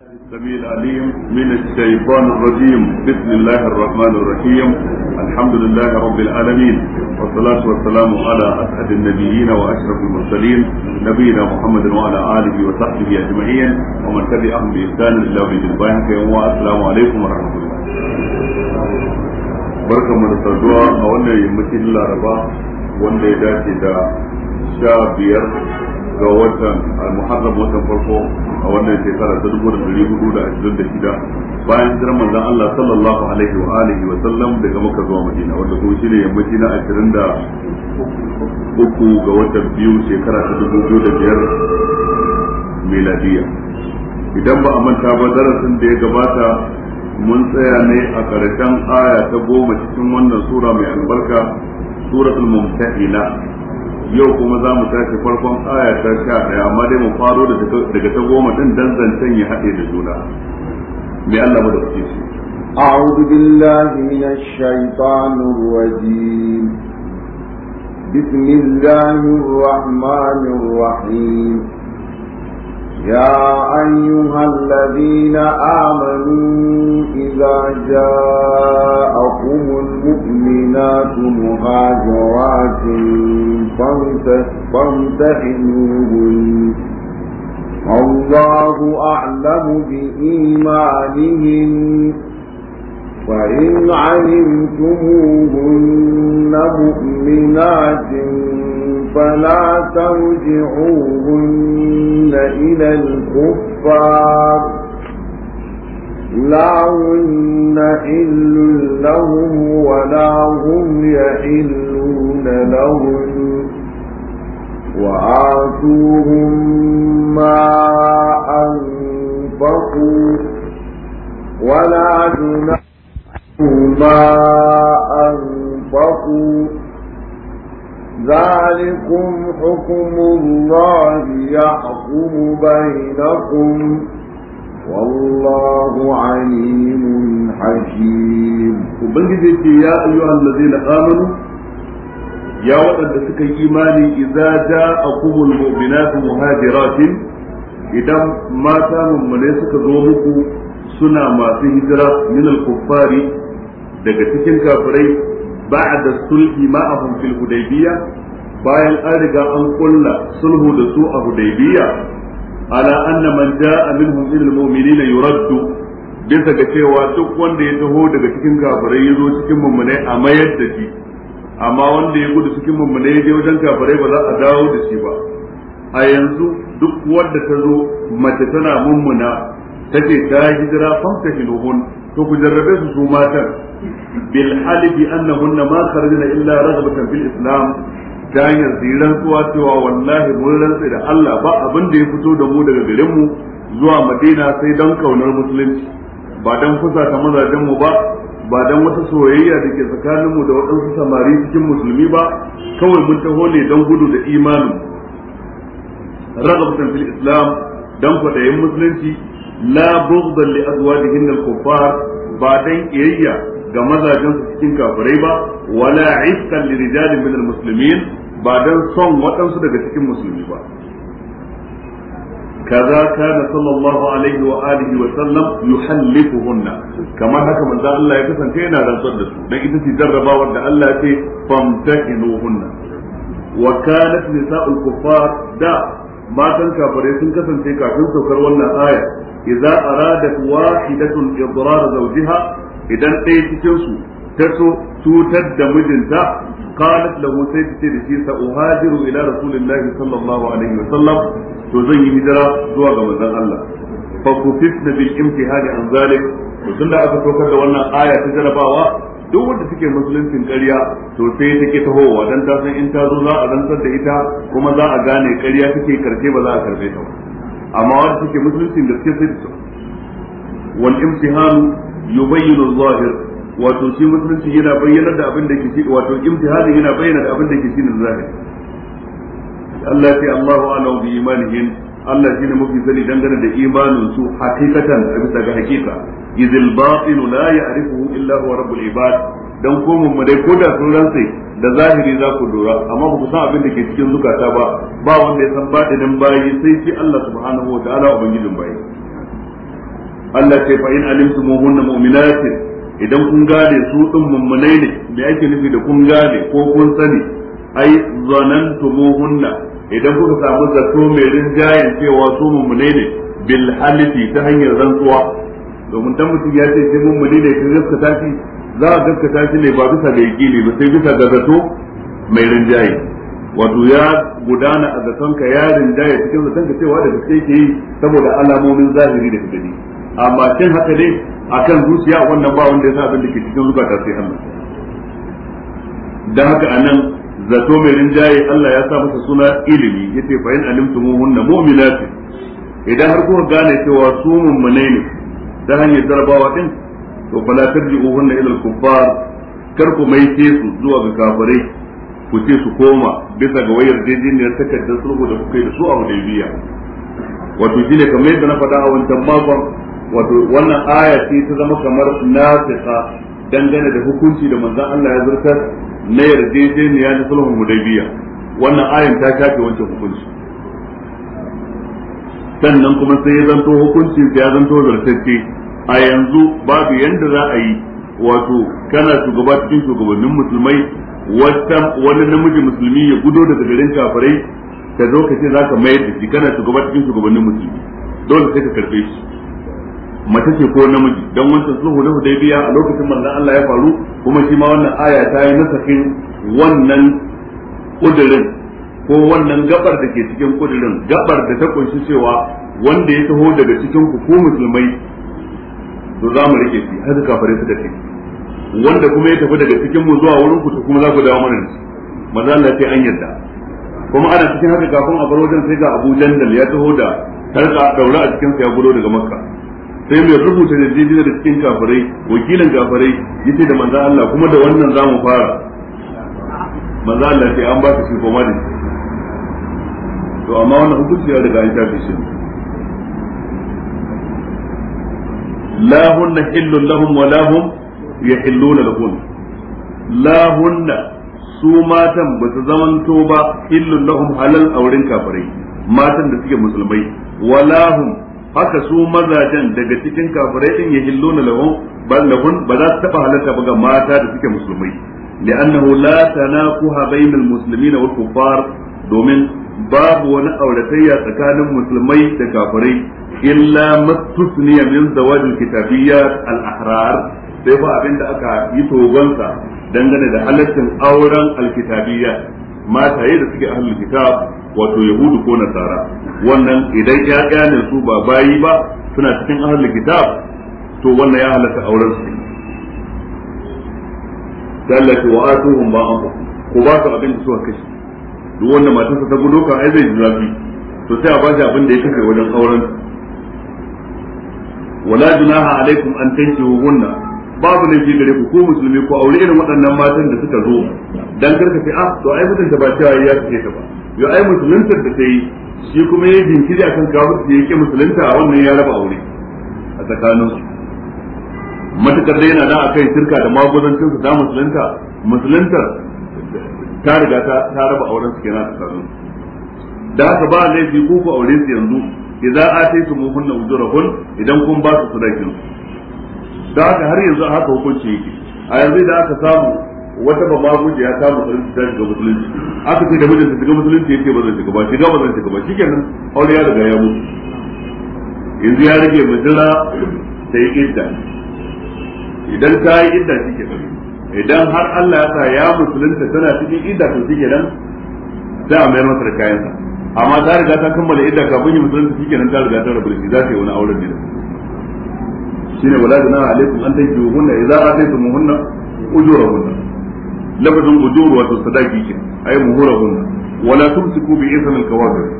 السميع العليم من الشيطان الرجيم بسم الله الرحمن الرحيم الحمد لله رب العالمين والصلاة والسلام على أسعد النبيين وأشرف المرسلين نبينا محمد وعلى آله وصحبه أجمعين ومن تبعهم بإحسان إلى يوم الدين والسلام عليكم ورحمة الله وبركاته mu da saduwa a wannan yammacin laraba يداتي دا شابير ga watan muharram watan farko a wannan shekara ta dubu da dari hudu da ashirin da shida bayan jiran manzon Allah sallallahu alaihi wa alihi wa sallam daga Makka zuwa Madina wanda kuma shine yammaci na ashirin da uku ga watan biyu shekara ta dubu biyu da biyar miladiya idan ba a manta ba darasin da ya gabata mun tsaya ne a karatun aya ta goma cikin wannan sura mai albarka suratul mumtahila yau kuma za mu tashi farkon aya ta sha ɗaya amma dai mu faro daga ta goma ɗin dan zancen ya haɗe da juna me Allah mu da kuke shi أعوذ بالله من الشيطان الرجيم بسم الله الرحمن الرحيم يا أيها الذين آمنوا إذا جاءكم المؤمنات مهاجرات فامتحنوهن الله أعلم بإيمانهن وإن علمتموهن مؤمنات فلا ترجعوهن إلى الكفار لا هن حل لهم ولا هم يحلون لهم وآتوهم ما أنفقوا ولا جناح ما أنفقوا ذلكم حكم الله يحكم بينكم والله عليم حكيم وبنجد يا أيها الذين آمنوا يا وقت سكي الإيمان إذا جاءكم المؤمنات مهاجرات إذا ما كانوا من يسك muku suna masu hijira min al-kuffari daga cikin kafirai ba'da sulhi ma'ahum fil hudaybiyya bayan an riga an kulla sulhu da su a hudaybiyya ala anna man ja'a minhum ila almu'minina yuraddu bisa ga cewa duk wanda ya taho daga cikin kafirai ya zo cikin mummunai a mayar da shi amma wanda ya gudu cikin mummunai ya je wajen kafirai ba za a dawo da shi ba a yanzu duk wanda ta zo mace tana mummuna ce ta hijira famta hiluhun to ku jarrabe su su matan bil halibi annahunna ma kharajna illa raghbatan fil islam ta hanyar tsiran kuwa cewa wallahi mun rantsa da Allah ba abin da ya fito da mu daga garin mu zuwa Madina sai dan kaunar musulunci ba dan kusa ta mazajen mu ba ba dan wata soyayya da ke tsakanin mu da waɗansu samari cikin musulmi ba kawai mun taho ne dan gudu da imanin raghbatan fil islam dan kwadayin musulunci la bughdan li azwajihin al-kuffar ba dan kiyayya ga mazajen su cikin kafirai ba wala ifkan li rijalin ba dan son waɗansu daga cikin musulmi ba kaza kana sallallahu alaihi wa alihi wa sallam yuhallifuhunna kamar haka manzo Allah ya kasance yana rantsar da su dan ita ce jarrabawar da Allah ya ce wa nisa'ul kuffar da matan kafirai sun kasance kafin saukar wannan aya idza aradat wahidatun idrar zawjiha idan ɗaya cikin taso cutar da mijinta qalat lahu sai ta ce da shi sa uhajiru ila rasulillahi sallallahu alaihi wa sallam to zan yi hijira zuwa ga manzon Allah fa kufitna bil imtihani an zalik to tunda aka tokar da wannan aya ta jarabawa duk wanda suke musuluncin ƙarya to sai take tahowa dan ta san in ta zo za a rantsar da ita kuma za a gane ƙarya take karshe ba za a karbe ta ba amma wanda suke musulunci gaske sai da su wal imtihan yubayyin adh-dhahir wato shi musulunci yana bayyana da abin da ke shi wato imtihan yana bayyana da abin da ke shi na zahir Allah ya Allahu a'lamu bi imanihim Allah shine mafi sani dangane da imanin su hakikatan a bisa ga hakika idil batin la ya'rifu illa huwa rabbul ibad dan ko mun dai ko da sun rantsai da zahiri za ku lura amma ba ku san abin da ke cikin zukata ba ba wanda ya san baɗinin bayi sai shi Allah subhanahu wa ta'ala ubangijin bayi Allah ce fa in alimtumuhunna mu'minatin idan kun gane su din mummunai ne me ake nufi da kun gane ko kun sani ai zanantumuhunna idan kuka samu zato mai rinjayen cewa su mummunai ne bil halifi ta hanyar rantsuwa domin dan mutum ya ce sai mummuni ne kin gaskata tafi za a gaskata shi ne ba bisa ga ne ba sai bisa ga zato mai rinjaye wato ya gudana a zatonka ya rinjaye cikin zatonka cewa da gaske ke yi saboda alamomin zahiri da gani amma cin haka ne a kan zuciya wannan ba wanda ya sa abin da ke cikin zukata sai hannu dan haka anan zato mai rinjaye Allah ya sa masa suna ilimi yace fa in alimtumuhunna mu'minatin idan har kuka gane cewa su mummune ne ta hanyar jarabawa din to fala tarji'uhunna ila al-kuffar kar ku maike su zuwa ga kafirai ku ce su koma bisa ga wayar jejiniyar takardar sulhu da kuka yi da su a Hudaybiya wato shine kamar yadda na faɗa a wancan makon wato wannan aya ce ta zama kamar nafiqa dangane da hukunci da manzon Allah ya zurtar na yarjejeniya na sulhun Hudaybiya wannan ayan ta shafe wancan hukunci sannan kuma sai ya zanto hukuncin ya zanto zartacce a yanzu babu yanda za a yi wato kana shugaba cikin shugabannin musulmai wani namiji musulmi ya gudo daga garin kafirai ka zo ka ce za ka mayar da shi kana shugaba cikin shugabannin musulmi dole sai ka karbe shi mace ce ko namiji dan wancan sulhu na hudaybiya a lokacin manzon Allah ya faru kuma shi ma wannan aya ta yi nasakin wannan kudirin ko wannan gabar da ke cikin kudirin gabar da ta kunshi cewa wanda ya taho daga cikin ku ko musulmai to za mu rike shi haka kafare suka ce wanda kuma ya tafi daga cikin mu zuwa wurin ku to kuma za ku dawo mana shi maza Allah sai an yarda kuma ana cikin haka kafin a baro wajen sai ga Abu Jandal ya taho da tarka daura a cikin sa ya gudo daga Makka sai mai rubuta da jijiyar da cikin kafirai wakilin kafirai yace da manzo Allah kuma da wannan zamu fara maza Allah sai an ba shi koma da to amma wannan hukunci ya daga an shafe shi لا هن حل لهم ولا هم يحلون yahilluna لا هن su matan ba su zamanto ba illun lahum halal wurin kafirai matan da suke musulmai walahum haka su mazajen daga cikin kafirai din yahilluna lahum bal lahum ba za su taba halarta ba ga mata da suke musulmai لأنه لا تناقض muslimina wal والكفار domin babu wani auratayya tsakanin musulmai da kafirai illa matusniya min zawaj kitabiyyat al-ahrar sai ba abin da aka yi togonsa dangane da halaccin auren alkitabiyya mataye da suke ahlul kitab wato yahudu ko nasara wannan idan ƴaƴa ba bayi ba suna cikin ahlul kitab to wannan ya halatta auren su sallati wa atuhum ma amru ko ba su abin da suka kashe duk wanda matarsa ta gudu kan ai zai zafi sosai ba shi abin da wajen auren wala junaha alaikum an tankihuhunna babu laifi gare ku ko musulmi ko aure irin waɗannan matan da suka zo dan karka ce ah to ai ta ba cewa ya ce ta ba yo ai musulunta da ta yi shi kuma ya jinkiri akan kafirci yake musulunta a wannan ya raba aure a tsakaninsu matukar dai yana da akai shirka da su ta musulunta musulunta ta riga ta raba auren su kenan a tsakanin da haka ba laifi ko ku aure su yanzu hunna ataytumuhunna hun idan kun ba su sadakin da haka har yanzu a haka hukunci yake a yanzu da aka samu wata ba ma guje ya samu sarin ta shiga musulunci aka ce da mijinta shiga musulunci yake ba zan shiga ba shiga ba zan shiga ba shikenan aure ya riga ya mutu yanzu ya rage mijira ta yi idda idan ta yi idda shike nan idan har Allah ya sa ya musulunta tana cikin idda to shikenan nan sai a mayar masa da kayansa amma ta riga ta kammala idda kafin yi musulunci shi kenan ta riga ta rabu da shi za ta yi wani auren ne shine wala da nawa alaikum an tanki hunna idza ataytum hunna ujurahunna lafazin ujur wato sadaki ke ay muhurahunna wala tumsiku bi ism al kawabir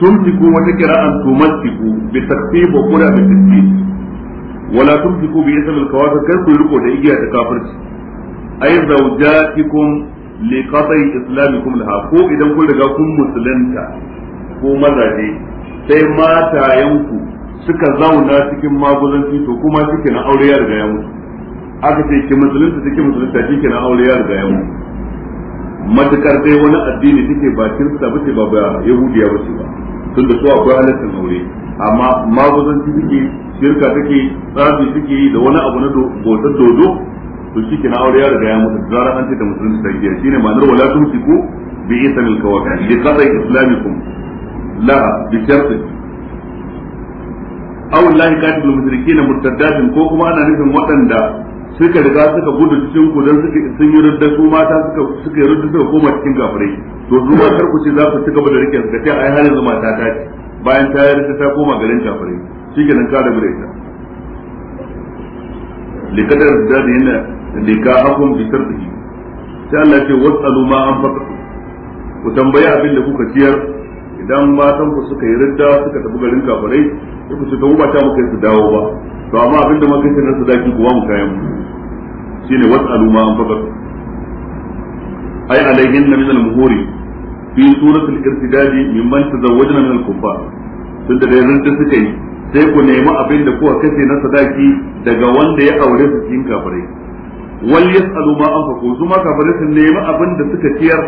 tumsiku wa an tumsiku bi taksib wa qura bi tasbih wala tumsiku bi ism al kawabir kai ku riko da igiya ta kafirci ay zawjatikum li qata'i islamikum laha ko idan kun riga kun musulunta ko mazaje sai matayenku suka zauna cikin magulanci to kuma suke na aure ya riga ya mutu aka ce ki musulunta take musulunta kike na aure ya riga ya mutu matukar dai wani addini take ba kirista bace ba ba yahudiya ce ba tun da su akwai halittar aure amma magulanci suke shirka take tsafi suke da wani abu na bautar dodo to shi ke na aure ya riga ya mutu zara an ce da musulunci ta giya shine ma'anar wala tumsiku bi isan alkawaka li qadai islamikum la bi sharti aw la yakatibul mushrikin murtaddatin ko kuma ana nufin waɗanda suka riga suka gudu cikin ku dan suka sun yi rudda su mata suka suka yi rudda suka koma cikin gafare. to su karku ku ce za ku ci gaba da rike su kace ai har yanzu mata ta ce bayan ta yi rudda ta koma garin gafare. shi ke nan ka da ita likadar da yana hakun bi shartihi sai Allah ya ce wasalu ma an fakatu ku tambayi abin da kuka ciyar idan matan ku suka yi ridda suka tafi garin kafirai sai ku ce ta ba ta yi su dawo ba to amma abin da muka kai su daki kuwa mu kayan shine wasalu ma an fakatu ay alayhin min al-muhuri fi suratul irtidadi mimman tazawwajna min al-kuffar tunda da ridda suka yi sai ku nemi abin da kuka kace na sadaki daga wanda ya aure su cikin kafirai wal yasalu ma anfaqu zuma ma sun nemi abin da suka ciyar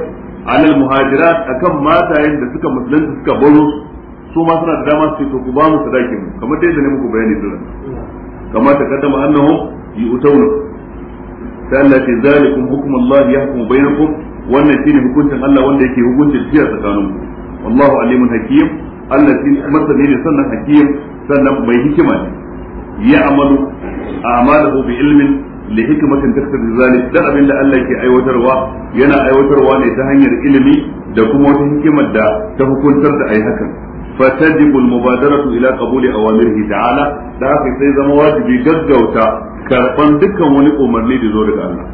alal muhajirat akan matayen da suka musulunta suka baro su ma suna da dama su to ku ba mu sadakin mu kamar dai da ne muku bayani dole kamar ta kaddama annahum yu'tawna sai Allah ce zalikum hukmullahi yahkumu bainakum wannan shine hukuncin Allah wanda yake hukuncin ciyar tsakaninku wallahu alimun hakim Allah shi masani ne sannan hakim sannan mai hikima ne ya amalu amalahu bi ilmin li hikmatin taktabi zalik da abin da Allah ke aiwatarwa yana aiwatarwa ne ta hanyar ilimi da kuma wata hikimar da ta hukuntar da ai hakan فتجب المبادرة إلى قبول أوامره تعالى da haka sai zama wajibi gaggauta karban dukkan wani umarni da zo daga Allah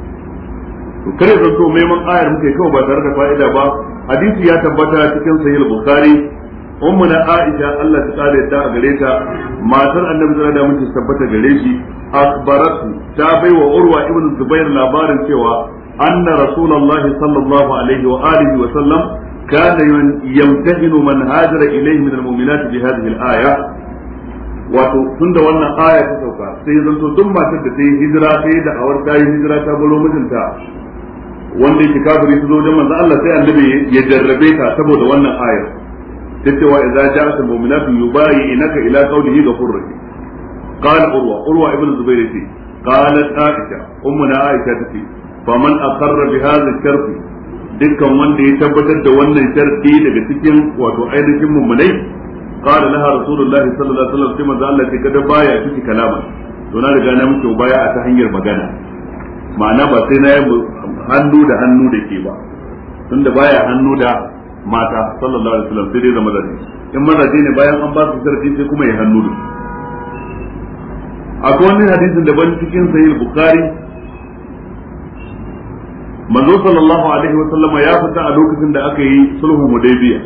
to kare zan to maiman ayar muke kawai ba tare da fa'ida ba hadisi ya tabbata cikin sahih bukhari ummuna aisha Allah ta kare ta a gare ta matar annabi sallallahu alaihi wasallam tabbata gare shi akhbaratu ta baiwa urwa ibn zubair labarin cewa anna rasulullahi sallallahu alaihi wa alihi wa sallam kana yamtahinu man hajara ilayhi min almu'minati bi hadhihi al-aya wato tunda wannan aya ta sauka sai ya zanto matar da ta yi hijira sai da ta yi hijira ta baro mijinta wanda yake kafiri su zo jama'a, manzo Allah sai annabi ya jarrabe ta saboda wannan ayar ta cewa idza ja'at al-mu'minatu yubayi'unaka ila qawlihi ga rahim قال أروى أروى ابن الزبير يتي قالت عائشة أمنا عائشة تتي فمن أقر بهذا الشرط dukkan wanda ya tabbatar da wannan sharti daga cikin wato ainihin mummunai qala laha rasulullah sallallahu alaihi wasallam sai manzo Allah ce kada baya kiki kalama to na riga na muke baya a ta hanyar magana ma'ana ba sai na yi hannu da hannu da ke ba tunda baya hannu da mata sallallahu alaihi wasallam sai dai da mazaje in mazaje ne bayan an ba su sharti sai kuma ya hannu akwai wani hadisin ban cikin sahih bukhari manzo sallallahu alaihi wa sallama ya fita a lokacin da aka yi sulhu hudaybiya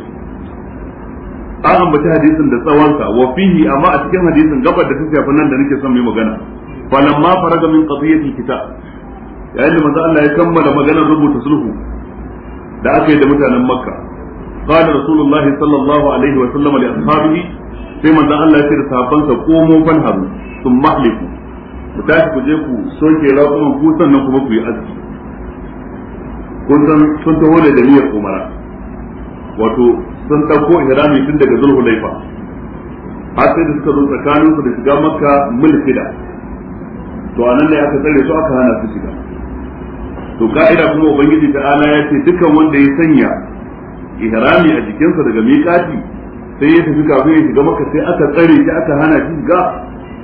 an ambaci hadisin da tsawonsa wa fihi amma a cikin hadisin gabar da ta shafi nan da nake son mai magana falamma faraga min qadiyati kitab yayin da manzo Allah ya kammala maganar rubuta sulhu da aka yi da mutanen makka qala rasulullahi sallallahu alaihi wa sallam li ashabihi sai manzon Allah ya ce da sabon sa mu fan haru sun mahliku ku tashi ku je ku soke raƙuman ku sannan kuma ku yi aski kun san sun taho da niyyar umara wato sun ɗauko ihrami tun daga zulhulaifa har sai da suka zo tsakanin su da shiga makka mulkida to anan ne aka tsare su aka hana su shiga to ka'ida kuma ubangiji ta'ala ya ce dukkan wanda ya sanya ihrami a jikinsa daga miƙati sai ya tafi kafin ya shiga maka sai aka tsare shi aka hana shi ga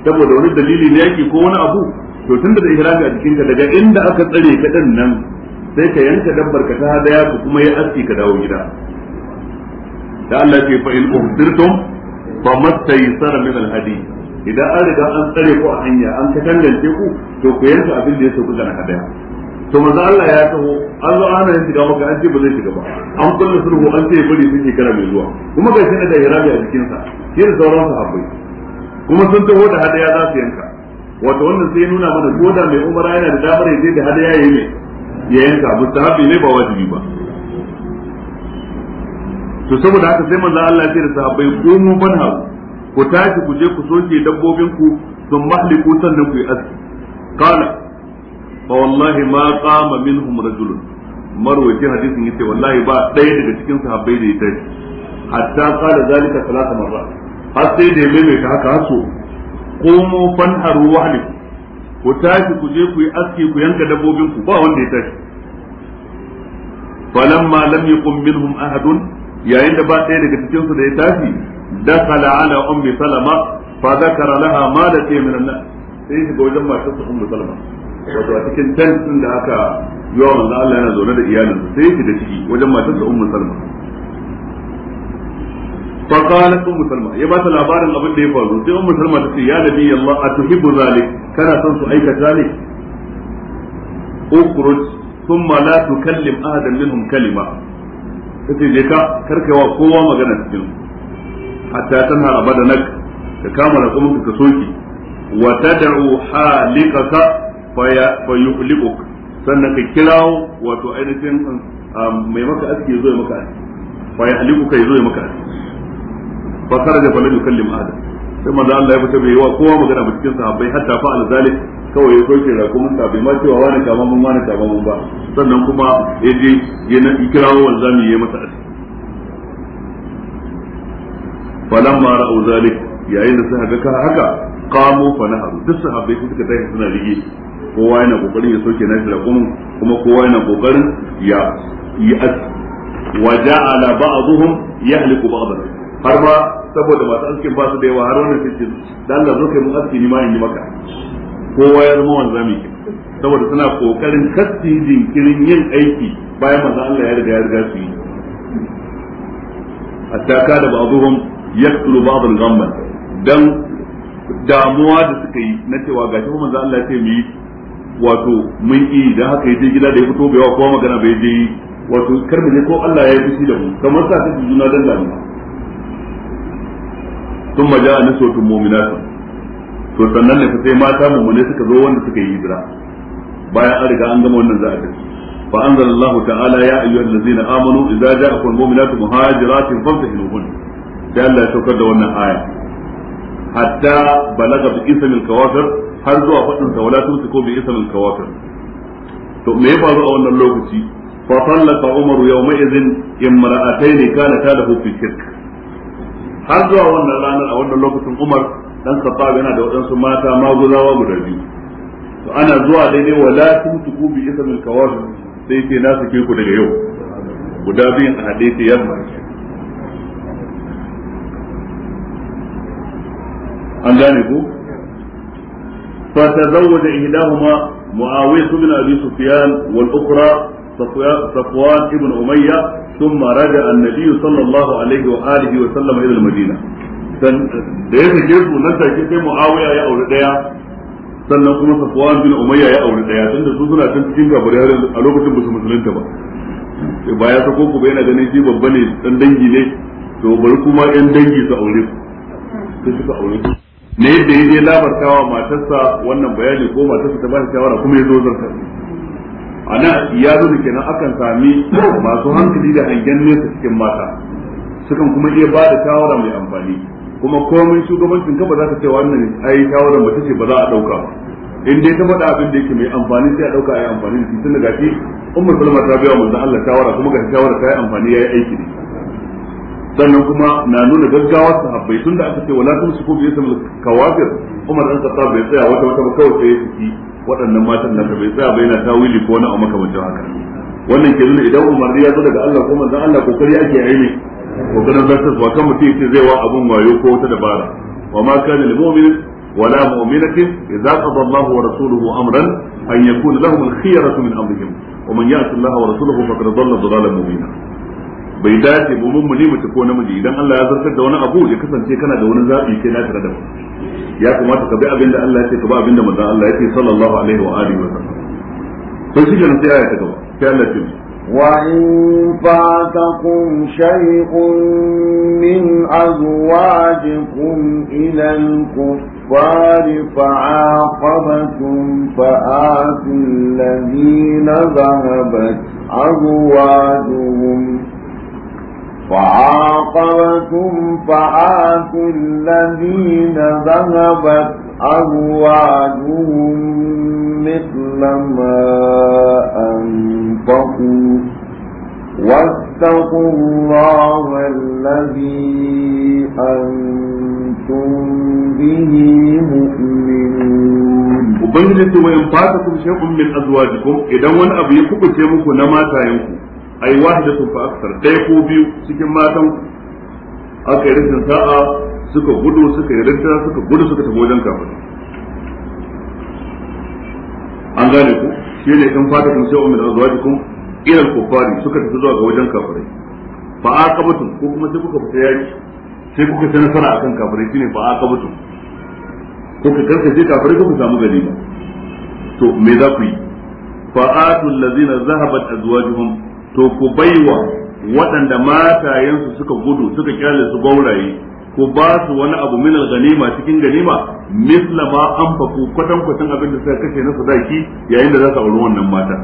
saboda wani dalili na yaki ko wani abu to tunda da ihrami a jikinka daga inda aka tsare ka din nan sai ka yanka dabbar ka ta hadaya ku kuma ya aski ka dawo gida da Allah ke fa in uhdirtum fa mastaysara min al-hadi idan an riga an tsare ku a hanya an ka tangance ku to ku yanka abin da ya sauka na daya to manzo Allah ya taho an zo ana yin shiga maka an ce ba zai shiga ba an kulle sulhu an ce bari sai shekara mai zuwa kuma ga shi da hirabi a jikin sa shi da sauran sahabbai kuma sun taho da hadaya za su yanka wato wannan sai nuna mana ko da mai umara yana da damar ya je da hadaya yayi ne ya yanka mustahabi ne ba wajibi ba to saboda haka sai manzo Allah ya ce da sahabbai ko mu banha ku tashi ku je ku soke dabbobin ku sun mahliku sannan ku yi aski kana fa wallahi ma qama minhum rajulun marwayi hadisin yace wallahi ba ɗaya daga cikin sahabbai da ya tashi hatta qala zalika salasa marra har sai da ya ta haka haso qumu fanharu wa alikum ku tafi ku je ku yi aski ku yanka dabobin ku ba wanda ya tashi falamma lam yakun minhum ahadun yayin da ba ɗaya daga cikin su da ya tashi dakala ala ummi salama fa zakara laha ma da ke min sai shi ga wajen matar su salama wato a cikin tent din da aka yi wa manzo Allah yana zaune da iyalinsa sai ya da ciki wajen matarsa ummu salma fa qalat ummu salma ya ba ta labarin abin da ya faru sai ummu salma ta ce ya nabi Allah atuhibbu zalik kana son su aikata zalik ukhruj thumma la tukallim ahadan minhum kalima kace je ka karkawa kowa magana cikin hatta abada abadanak ka kama da kuma ka soki wa tad'u halikaka fa yuqlibuk sannan ka kirawo wato ainihin um, mai maka aski zo ya maka aski fa ya haliku ya zo ya maka aski fa kharaja fa lam yukallim adam sai manzo Allah ya fita bai wa kowa magana ba cikin sahabbai hatta fa al kawai ya soke rakumin ta bai ma cewa wani kama mun wani kama mun ba sannan kuma ya je ya kirawo mu ya masa aski falamma ra'u zalik yayin da suka ga haka qamu fa naharu duk sahabbai suka tafi suna rige kowa yana kokarin ya soke na rakumin kuma kowa yana kokarin ya yi as wa ja'ala ba'dhum yahliku ba'dhan har ma saboda masu askin ba su da yawa har wannan sai ce dan Allah zo kai mun aski ni ma in yi maka kowa ya zama wanzami saboda suna kokarin kasti jinkirin yin aiki bayan manzo Allah ya riga ya riga su yi A hatta kada ba'dhum yaqtulu ba'dhan ghamman don damuwa da suka yi na cewa kuma za Allah ya ce mu yi wato mun yi da haka yaje gida da ya fito bai wa kowa magana bai je yi. wato kar mu je ko Allah ya yi fushi da mu kamar sa take juna dan da mu thumma ja'a niswatun mu'minatun to sannan ne sai mata mu ne suka zo wanda suka yi hijira bayan an riga an gama wannan za a tafi fa anzalallahu ta'ala ya ladzina amanu idza ja'akum mu'minatun muhajiratun famtahinuhunna sai Allah ya saukar da wannan aya hatta balaga باسم ismil هل har zuwa fadin sa wala tumsiku bi ismil kawafir to me ya faru a wannan lokaci fa tallaqa umar yawma ne, imra'atayn kana talahu fi shirk har zuwa wannan ranar a wannan lokacin umar dan khattab yana da wadansu mata maguzawa guda biyu to ana zuwa daidai wala tumsiku bi ismil kawafir sai ke na sake ku daga yau guda biyun a hadisi yamma an gane ko fa tazawwaja ihdahuma muawiya ibn abi sufyan wal ukhra safwan ibn umayya thumma raja an-nabiy sallallahu alaihi wa alihi wa sallam ila madina dan da ya rike su nan take sai muawiya ya aure daya sannan kuma safwan bin umayya ya aure daya tunda su suna tun cikin kabari har a lokacin musu musulunta ba ba ya sako ku ba yana ganin shi babba ne dan dangi ne to bari kuma yan dangi su aure su suka aure su na yadda ya je labartawa matarsa wannan bayani ko matarsa ta ba shi shawara kuma ya zo zarta ana ya zo da kenan akan sami masu hankali da hangen nesa cikin mata sukan kuma iya ba da shawara mai amfani kuma komai shugabancin ka ba za ka ce wannan ai shawara mace ce ba za a dauka ba in dai ta faɗa abin da yake mai amfani sai a dauka ai amfani da shi tun da gashi umar salma ta biya manzon Allah shawara kuma ga shawara ta yi amfani yayi aiki ne sannan kuma na nuna gaggawar sahabbai tun da aka ce wala tun su ko biye sama kawafir Umar dan Khattab bai tsaya wata wata ba kawai sai ya saki waɗannan matan nan bai tsaya bai na tawili ko wani amma kamar haka wannan ke nuna idan umarni ya zo daga Allah kuma manzon Allah kokari ake yi ne kokarin zartas ba kan mutum yace zai wa abun wayo ko wata dabara wa ma kana lil mu'min wala mu'minatin idza qada Allah wa rasuluhu amran an yakuna lahum al-khiyaratu min amrihim wa man ya'ti Allah wa rasulahu faqad dhalla dhalalan mubina bai dace mu mun mu mutu ko namiji idan Allah ya zartar da wani abu ya kasance kana da wani zabi kai na tare da ya kamata ka bi abin da Allah ya ka bi abin da manzon Allah ya sallallahu alaihi wa alihi wa sallam to shi ne sai aya ta gaba sai Allah ya ce وإن فاتكم شيء من أزواجكم إلى الكفار فعاقبتم فآتوا الذين ذهبت أزواجهم Faɣa wasu fa'a sun labi na zanga ba, abubuwan musulmai lamba an ba ku, wasu da kuma ban labi an idan wani abu ya bugu muku na matayenku ai sun fa aksar dai ko biyu cikin matan aka yi rashin sa'a suka gudu suka yi rinta suka gudu suka tafi wajen kafin an gane ku shi ne in fata kun sai umar zuwa ila irin kofari suka tafi zuwa ga wajen kafirai a kabutun ko kuma sai kuka fita yaki sai kuka ci nasara kan kafirai ba a kabutun ko ka je kafirai ko ku samu ba. to me za ku yi fa'atul ladzina zahabat azwajuhum to ku baiwa waɗanda matayensu suka gudu suka kyale su gauraye ku ba su wani abu min ganima cikin ganima misla ma an faku kwatan kwatan abin da suka kashe na sadaki yayin da za su auri wannan mata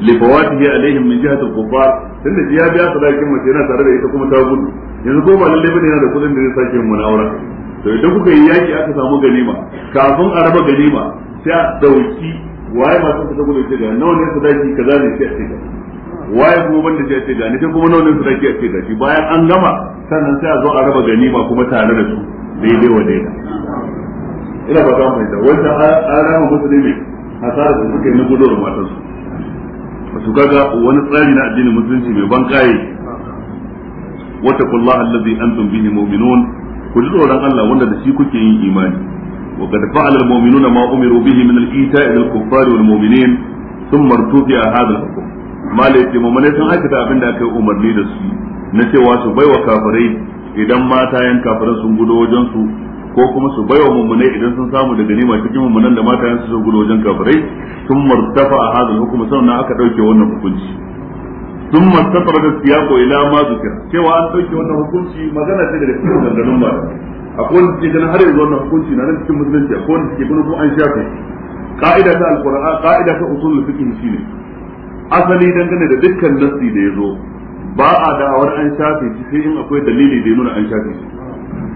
lifawatihi alaihim min jihati al-kufar da ya biya sadakin mace yana tare da ita kuma ta gudu yanzu ko ba lalle bane yana da kudin da zai sake mun aure. to idan kuka yi yaki aka samu ganima kafin a raba ganima sai a dauki waye masu ta gudu ce ga nawa ne sadaki kaza ne sai a ce waye kuma banda shi a ce gani sai kuma nauyin sadaki a ce gashi bayan an gama sannan sai a zo a raba gani ba kuma tare da su daidai wa daida ina ba za mu fahimta wanda an rama musulmi hasara da suka yi na gudowar matansu su kaga wani tsari na addinin musulunci mai ban kaye واتقوا الله الذي انتم به ku كل tsoron Allah wanda da shi kuke yin imani wa qad fa'ala al-mu'minuna ma umiru bihi min al-ita'i lil-kuffari wal-mu'minin thumma irtufi'a hadha al-hukm malai ce mamane sun aikata abin da aka yi umarni da su na cewa su baiwa kafirai idan mata yan kafirai sun gudo wajen su ko kuma su baiwa mummune idan sun samu da ganima cikin mummunan da mata yan su sun gudo wajen kafirai sun martafa a hadal hukuma sannan aka dauke wannan hukunci sun martafa da siyako ila ma zukira cewa an dauke wannan hukunci magana ce daga cikin ganganun ba a kowane cikin ganin har yanzu wannan hukunci na nan cikin musulunci a kowane cikin ganin ko an shafe ka'ida ta alqur'an ka'ida ta usulul fiqh shine asali dangane da dukkan nassi da ya zo ba a da'awar an shafe shi sai in akwai dalili da ya nuna an shafe shi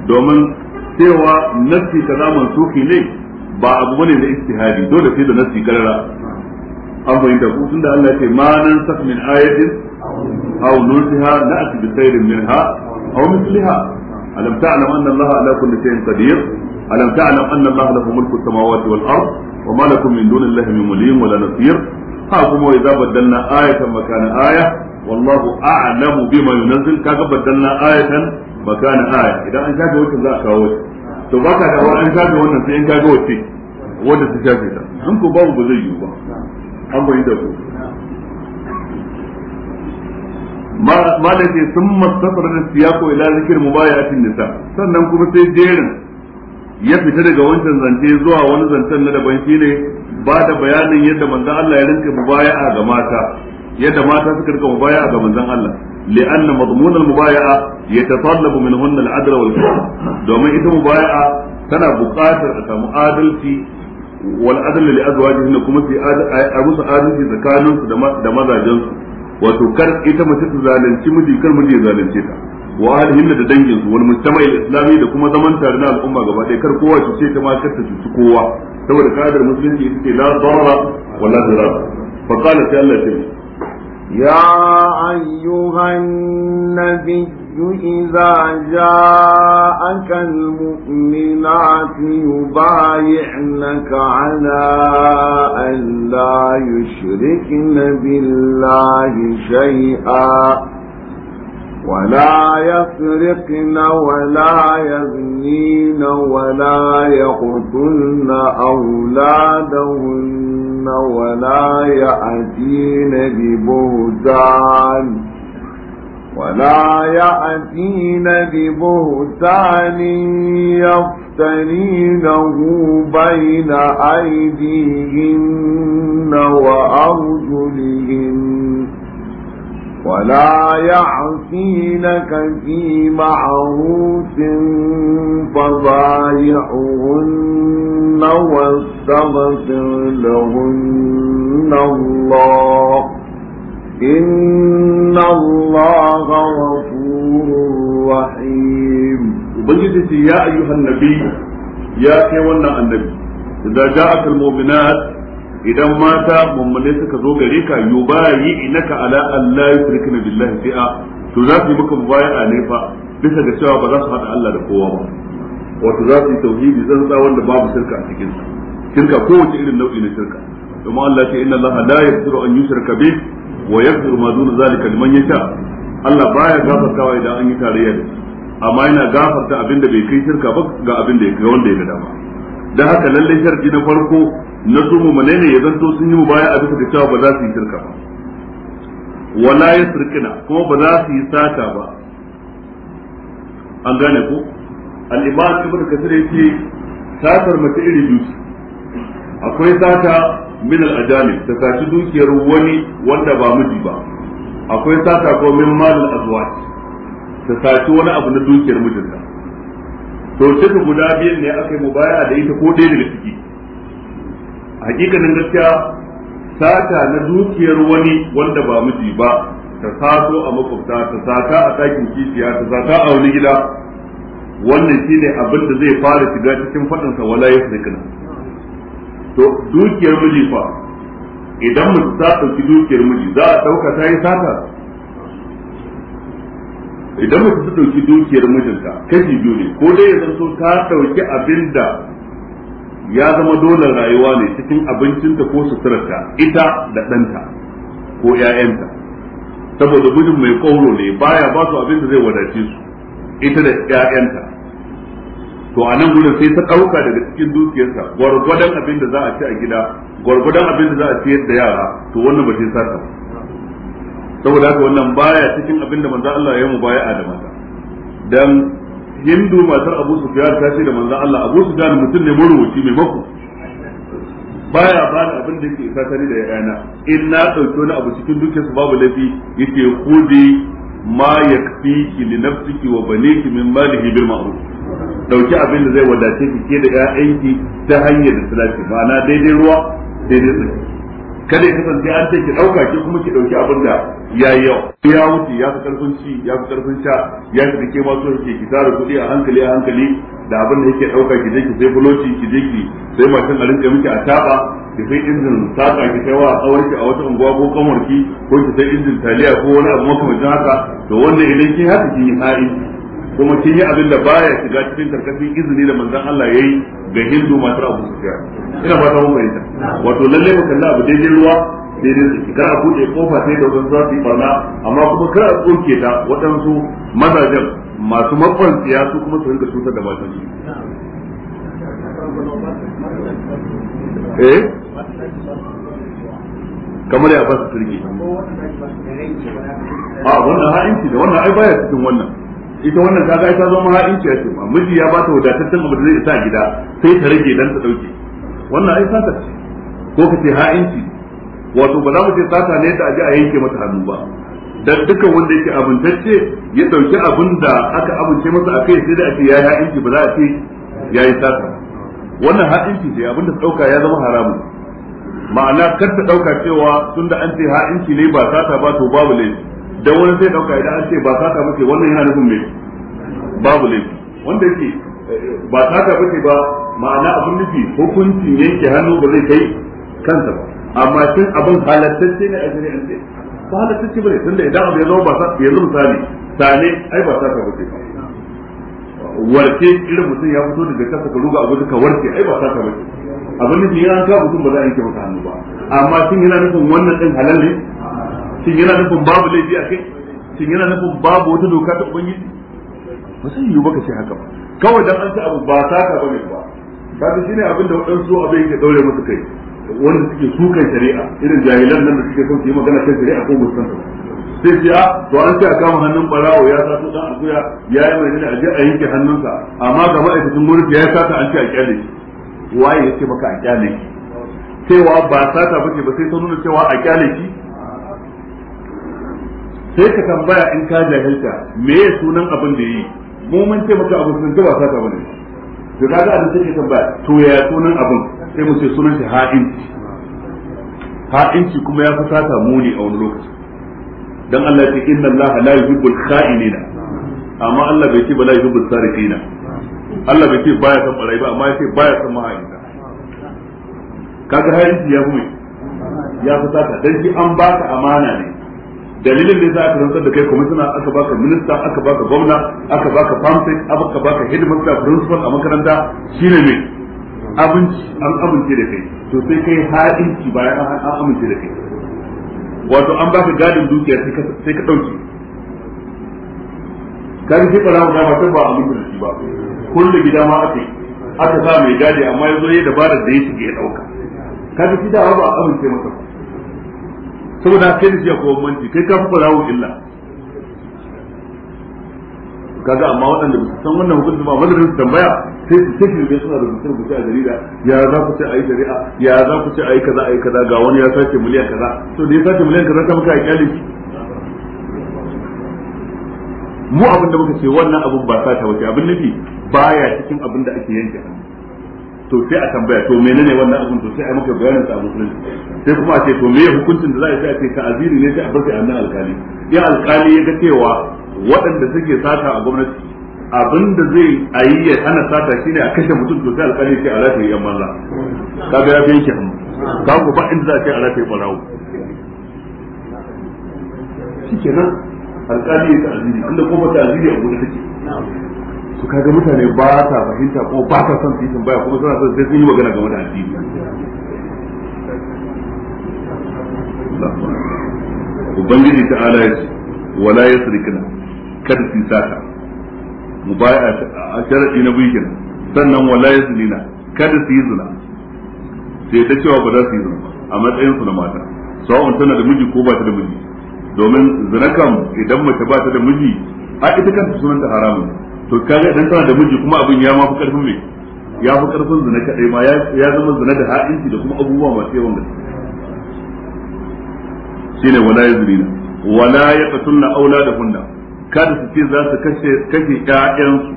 domin cewa nassi kaza mansuki ne ba abu bane na istihadi dole sai da nassi karara an fahimta ku tunda Allah ya ce ma nan saf min ayatin aw nunsiha na'ti bi khairin minha aw mithliha alam ta'lam anna Allah ala kulli shay'in qadir alam ta'lam anna Allah lahu mulku samawati wal ard وما لكم من دون الله من ولي ولا نصير ha kuma wa idza baddalna ayatan makana aya wallahu a'lamu bima yunzil kaga baddalna ayatan makana aya idan an shafe wacce za a kawo shi to baka da an shafe wannan sai in kaga wacce wanda ta shafe ta in ko babu ba zai yiwu ba an bari da ku ma da ke sun masafar da siyako ila zikir mubayatin nisa sannan kuma sai jerin ya fita daga wancan zance zuwa wani zancen na daban shine ba da bayanin yadda manzon Allah ya rinka mubaya'a ga mata yadda mata suka rinka mubaya'a ga manzon Allah لأن مضمون المبايعة يتطلب منهن العدل والكرم دوما إذا مبايعة تنا بقاتل أتم آدلتي والعدل لأزواجهن كما في أبوس آدلتي ذكانون دماذا جنس وتكر إذا ما تتزالن كمدي كرمدي زالن كتا wa alihin da dangin su wal mujtama'il islami da kuma zaman tare na al'umma gaba ɗaya kar kowa cuce ta ma kar ta cuci kowa saboda kadar musulunci يا أيها النبي إذا جاءك المؤمنات يبايعنك على أن لا يشركن بالله شيئا ولا يسرقن ولا يزنين ولا يقتلن أولادهن ولا يأتين ببهتان ولا يأتين ببهتان يفترينه بين أيديهن وأرجلهن ولا يعصينك في معروف فضايعهن واستغفر لهن الله إن الله غفور رحيم وبجدت يا أيها النبي يا كيوانا النبي إذا جاءت المؤمنات idan mata mummune suka zo gare ka yubayi inaka ala Allah yusrikna billahi fi'a to za su yi maka mubaya'a ne fa bisa ga cewa ba za su hada Allah da kowa ba wato za su yi tauhidi tsantsa wanda babu shirka a cikin su shirka kowace irin nau'i na shirka domin Allah ce inna Allah la yaghfiru an yushraka bih wa yaghfiru ma duna zalika liman yasha Allah baya gafartawa idan an yi tarayya da amma yana gafarta abinda bai kai shirka ba ga abinda ya kai wanda ya ga dama da haka lallai sharadi na farko na su mumune ne ya zanto sun yi mu baya a bisa da cewa ba za su yi shirka ba wala ya sirkina kuma ba za su yi sata ba an gane ko al-imam da kasir yake satar mace iri duki akwai sata min al'ajami ta sashi dukiyar wani wanda ba miji ba akwai sata kuma min malin azuwa ta sashi wani abu na dukiyar mijinta to duka guda biyan ne aka yi mu baya da ita ko ɗaya daga ciki hakikanin gaskiya sata na dukiyar wani wanda ba miji ba ta sato a makwabta ta sata a ɗakin kishiya ta sata a wani gida wannan ne abin da zai fara shiga cikin faɗinsa wala ya to dukiyar miji fa idan mutum ta ɗauki dukiyar miji za a ɗauka ta yi sata idan mace ta dauki dukiyar mijinta kashi biyu ne ko dai ya so ta dauki abin da ya zama dole rayuwa ne cikin abincinta ko suturarta ita da ɗanta ko ‘ya'yanta saboda mijin mai kauro ne baya ba su abin da zai wadace su ita da ‘ya'yanta to a nan gudun sai ta ɗauka daga cikin dukiyarsa gwargwadon abin da za a ci a gida gwargwadon abin da za a ciyar da yara to wannan ba sai sata ba saboda haka wannan baya cikin abin da manzo Allah ya mu baya da mata dan hindu matar Abu su Sufyan ta ce da manzo Allah Abu su da mutum ne marubuci mai mako baya ba da abin da yake isa tare da yana in na dauki wani abu cikin dukkan su babu lafi yake kudi ma yakfiki li nafsiki wa baniki min malihi bil ma'ruf dauki abin da zai wadace ki ke da ƴaƴanki ta hanyar da ta dace ma'ana daidai ruwa daidai tsaki kada ya kasance an ce ki dauka ki kuma ki dauki abin da ya yau ya wuce ya fi karfin ci ya fi karfin sha ya fi dake ma so yake ki tara kuɗi a hankali a hankali da abin da yake dauka ki je ki sai buloci ki je ki sai mashin a rinka miki a taba ki sai injin saka ki kai wa tsawon ki a wata unguwa ko kamar ki ko ki sai injin taliya ko wani abu makamancin haka to wannan idan kin haka kin yi ha'in kuma kin yi abin da baya shiga cikin karkashin izini da manzon Allah yayi ga Hindu matar Abu Sufyan ina ba ta mun fahimta wato lalle mu kalla abu daidai ruwa daidai su kar a buɗe kofa sai da wadansu za su yi barna amma kuma kar a tsoke ta waɗansu mazajen masu mafan su kuma su rinka cutar da matan su eh kamar ya ba su turki a wannan ha'inci da wannan ai baya cikin wannan ita wannan kaga ita zo ha'inci ya ce ma miji ya bata wadataccen abu da zai isa gida sai ta rage dan ta dauke wannan ai sata ce ko ka ce ha'inci wato ba za mu ce sata ne da aje a yanke mata hannu ba dan dukkan wanda yake abuntacce ya dauki abin da aka abunce masa akai sai da ake yayi ha'inci ba za a ce yayi sata wannan ha'inci ce abin da dauka ya zama haramun ma'ana kar ta dauka cewa tunda an ce ha'inci ne ba sata ba to babu laifi da wani sai dauka idan an ce ba saka muke wannan yana nufin me babu ne wanda yake eh, ba saka muke ba ma'ana abin nufi hukuncin yanke hannu ba zai kai kansa ba amma sun abin halattacce ne a ce ba halattacce tun da idan abu ya zama ba sata yanzu misali sane ai ba saka muke ba warke irin mutum ya fito daga kasa ka ruga abu duka warke ai ba saka muke abin nufi yana ka mutum ba za a yanke maka hannu ba amma sun yana nufin wannan din halal ne shin yana nufin babu laifi a kai shin yana nufin babu wata doka ta ubangiji ba sai yiwu baka ce haka ba kawai dan an ci abu ba ka bane ba kaga shine abin da wadansu abin yake daure musu kai wanda suke sukan shari'a irin jahilan nan da suke son su yi magana kan shari'a ko ta sai ce a to an ce a kama hannun barawo ya su dan akuya ya yi mai aje a yanke hannunsa amma ga ma'aikacin gwamnati ya sa ta an ce a kyale waye ya ce maka a kyale cewa ba sata bace ba sai ta nuna cewa a kyale shi sai ka tambaya in ka jahilta me ya sunan abin da yi mu mun ce maka abu sunan ba sata bane to kaga abin sai ka tambaya to ya sunan abin sai mu ce sunan shi ha'inci ha'inci kuma ya fusata sata muni a wani lokaci dan Allah ya ce inna Allah la yuhibbul kha'inina amma Allah bai ce ba la yuhibbul sarifina Allah bai ce baya san barai ba amma ya ce baya san mahaifa kaga ha'inci ya fi ya fusata sata dan shi an baka amana ne dalilin da za a rantsar da kai kwamishina aka baka minista aka baka gwamna aka baka pamphlet aka baka headmaster principal a makaranta shine me abinci an amince da kai to sai kai ha'inci bayan an amince da kai wato an baka gadin dukiya sai ka ɗauki kan ji fara da ba a ba da shi ba kullu gida ma ake aka sa mai gadi amma yazo yayi dabarar da ya shige ya dauka ka ji da ba amince masa ba saboda kai da ya kowa manci kai ka fi farawo illa kaga amma waɗanda ba su san wannan hukunci ba wanda su tambaya sai su sai shirme suna rubuce rubuce a jarida ya za ku ce ayi shari'a ya za ku ce ayi kaza ayi kaza ga wani ya sace miliyan kaza to da ya sace miliyan kaza ta muka yi shi mu abin da muka ce wannan abin ba sata wace abin nufi baya cikin abin da ake yanke hannu to sai a tambaya to menene wannan abun to sai a maka bayanin sa a musulunci sai kuma a ce to meye hukuncin da za a sai a ce ta'aziri ne sai a bar sai annan alkali ya alkali ya ga cewa waɗanda suke sata a gwamnati abin da zai ayi ya hana sata shine a kashe mutum to sai alkali ce a rataye yan malla ga ya fi yanke hannu ka ku ba inda za a ce a rataye shi kenan alkali ya ta'aziri inda ta ta'aziri a gudu take to kaga mutane ba sa fahimta ko ba sa son su yi tambaya kuma suna son sai sun yi magana game da addini ubangiji ta ala yace wala yasrikna kada su sata mubaya a sharadi na biyu sannan wala na kada su yi zina sai ta cewa ba za su yi zina a matsayin su na mata sawa'un tana da miji ko ba ta da miji domin zina kam idan mace ba ta da miji a ita kanta sunanta haramun to kaga idan tana da miji kuma abin ya ma fi karfin me ya fi karfin zina kadai ma ya zama zina da ha'inci da kuma abubuwa masu yawan gaske shine wala yazrina wala da hunna kada su ce za su kashe kashe ƴaƴansu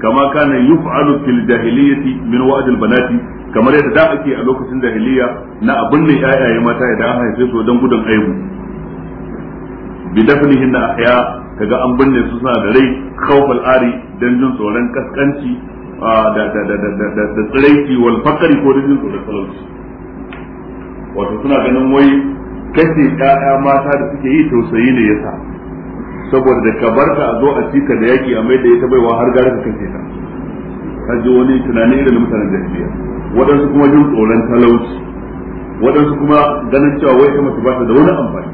kama kana yuf'alu fil jahiliyyati min wa'd al banati kamar yadda da ake a lokacin jahiliya na abin da ƴaƴaye mata idan an haife su don gudun aibu a ahya Ka ga an binne su suna da rai khawfal ari dan jin tsoron kaskanci ah, da da da da da tsiraiti wal fakari ko jin tsoron talauci wato suna ganin wai kashe ƴaƴa mata da suke yi tausayi ne yasa saboda da ka bar ta a zo a cika da yaki a mai da ita baiwa har gara ka kashe ta ji wani tunanin irin mutanen jahiliya waɗansu kuma jin tsoron talauci waɗansu kuma ganin cewa wai ita mace ba ta da wani amfani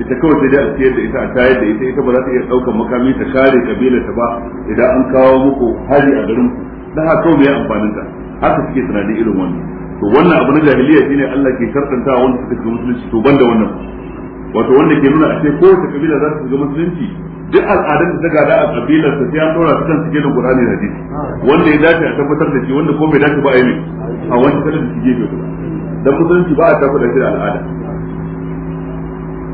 ita kawai sai dai a siyar da ita a tayar da ita ita ba za ta iya ɗaukar makami ta kare kabila ta ba idan an kawo muku hari a garin ku dan haka kawai mai amfanin ta haka suke tunanin irin wannan to wannan abu na jahiliya shine Allah ke shartantawa wanda suka shiga musulunci to banda wannan wato wanda ke nuna a ce kowace kabila za ta shiga musulunci duk al'adun da ta gada a kabilar ta sai an dora su kan cikin Qur'ani da hadisi wanda ya dace a tabbatar da shi wanda ko bai dace ba a yi a wani kalar da shi gefe ba dan musulunci ba a tabbatar da al'ada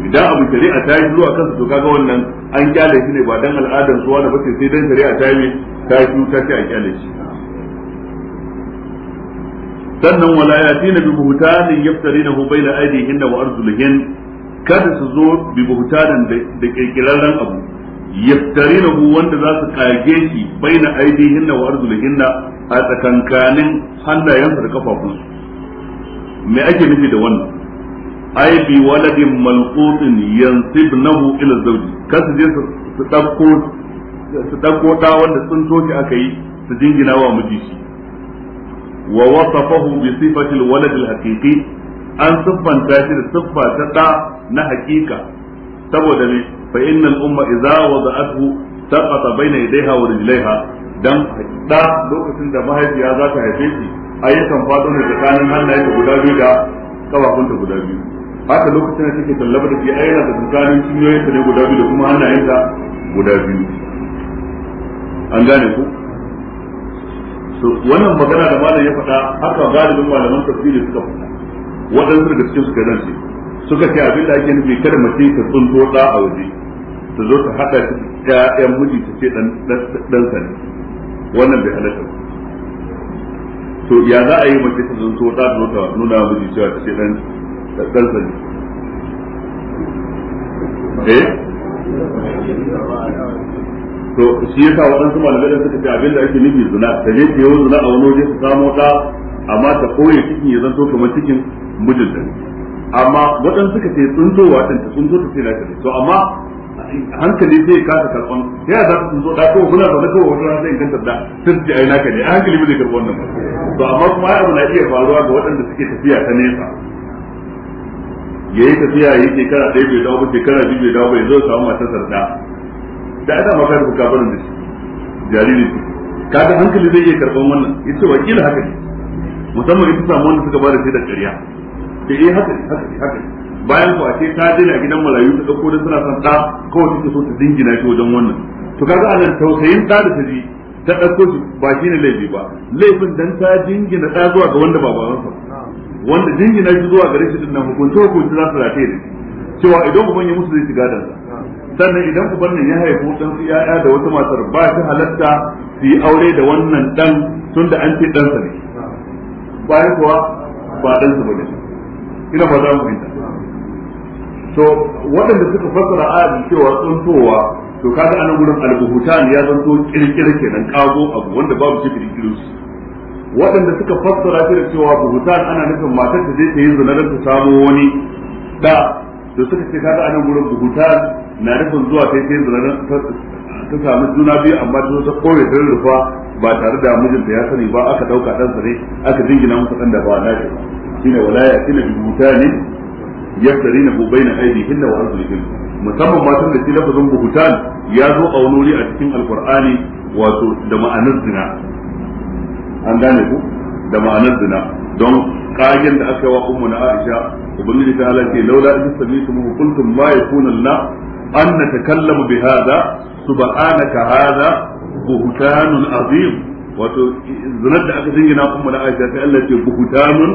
idan abu shari'a ta yi zuwa kansa to kaga wannan an kyale shi ne ba dan al'adar suwa da bace sai dan shari'a ta yi ta shi ta ce a kyale shi sannan wala na bi buhtanin na baina aydihinna wa arjulihin kada su zo bi buhutanin da kirkirarren abu hu wanda za su kage shi baina aydihinna wa na a tsakankanin hannayen da kafafunsu me ake nufi da wannan ai bi waladin malqutin yansibnahu ila zawji kasu je su dauko su dauko da wanda sun toki aka yi su jingina wa miji shi wa wasafahu bi sifati alwalad alhaqiqi an siffanta shi da siffa ta da na hakika saboda ne fa innal umma idza wada'athu taqata bayna yadayha wa rijlayha dan da lokacin da mahaifiya za ta haife shi ayyukan fado ne tsakanin hannaye guda biyu da kafafunta guda biyu haka lokacin da take tallaba da shi ai yana da tsakanin cinyoyin ta ne guda biyu da kuma hannayen sa guda biyu an gane ku to wannan magana da malam ya faɗa haka galibin malaman tafsiri suka faɗa waɗansu daga cikin suka rance suka ce abin da ake nufi kada mace ta tsunto ɗa a waje ta zo ta haɗa ƴaƴan miji ta ce ɗan sa ne wannan bai halatta ba to ya za a yi mace ta tsunto ɗa ta zo ta nuna miji cewa ta ce ɗan da zalzali eh to shi yasa waɗansu malamai suka ce abin da ake nufi zina ta je ke zina a wani waje su samo ta amma ta koye cikin ya zanto kamar cikin mijinta amma waɗansu suka ce sun tsuntowa ɗin sun tsunto ta ce na ta to amma hankali zai kasa karɓan ta yaya za ta tsunto da kawai kuna zaune kawai wata rana zai inganta da ta ce ai naka ne a hankali ba zai karɓi wannan ba to amma kuma ya abu na iya faruwa ga waɗanda suke tafiya ta nesa ya yi tafiya ya yi shekara ɗaya bai dawo ba shekara biyu bai dawo bai zo samu matarsa da da ana maka da kabarin da shi jariri kaga hankali zai iya karɓan wannan ce wakil haka ne musamman ita samu wanda suka bada sai da ƙarya ke yi eh, haka ne haka ne haka ne bayan ku a ce ta je na gidan marayu ta ɗauko da suna son ɗa kawai suke so ta dingina shi wajen wannan to kaga a nan tausayin ɗa da ta ji ta ɗauko shi ba shi ne laifi ba laifin dan ta dingina ɗa zuwa ga wanda ba babansa ba wanda jingina shi zuwa gare shi din nan hukunce hukunce za su rataye da cewa idan uban ya mutu zai shiga da sannan idan uban nan ya haifi su yaya da wata matar ba shi halatta su yi aure da wannan dan tun da an ce ɗansa ne bayan kuwa ba ɗansa ba bane ina ba za mu fita to waɗanda suka fassara ayar cewa tsuntowa to kaga anan gurin al-buhutan ya zanto kirkire kenan kago abu wanda babu shi kirkiro su waɗanda suka fassara shi da cewa buhutan ana nufin matar ta je ta yi zina ta samu wani da to suka ce kaga anan gurin buhutan na nufin zuwa ta yi zina ta samu juna biyu amma ta zo ta koye ta rufa ba tare da mijinta ya sani ba aka ɗauka ɗansa ne aka jingina masa ɗan da ba na shi shine walaya shine buhutani yaftarina bu baina aidihinna wa arjulihinna musamman matan da shi lafazin buhutan ya zo a wani wuri a cikin alkur'ani wato da ma'anar zina an gane ku da ma'anar zina don kagen da aka yi wa ummu na Aisha ubangiji ta halaka laula in ma yakuna lana an natakallamu bi hadha subhanaka hadha buhtanun azim wato zinar da aka dingina ummu na Aisha sai Allah ce buhtanun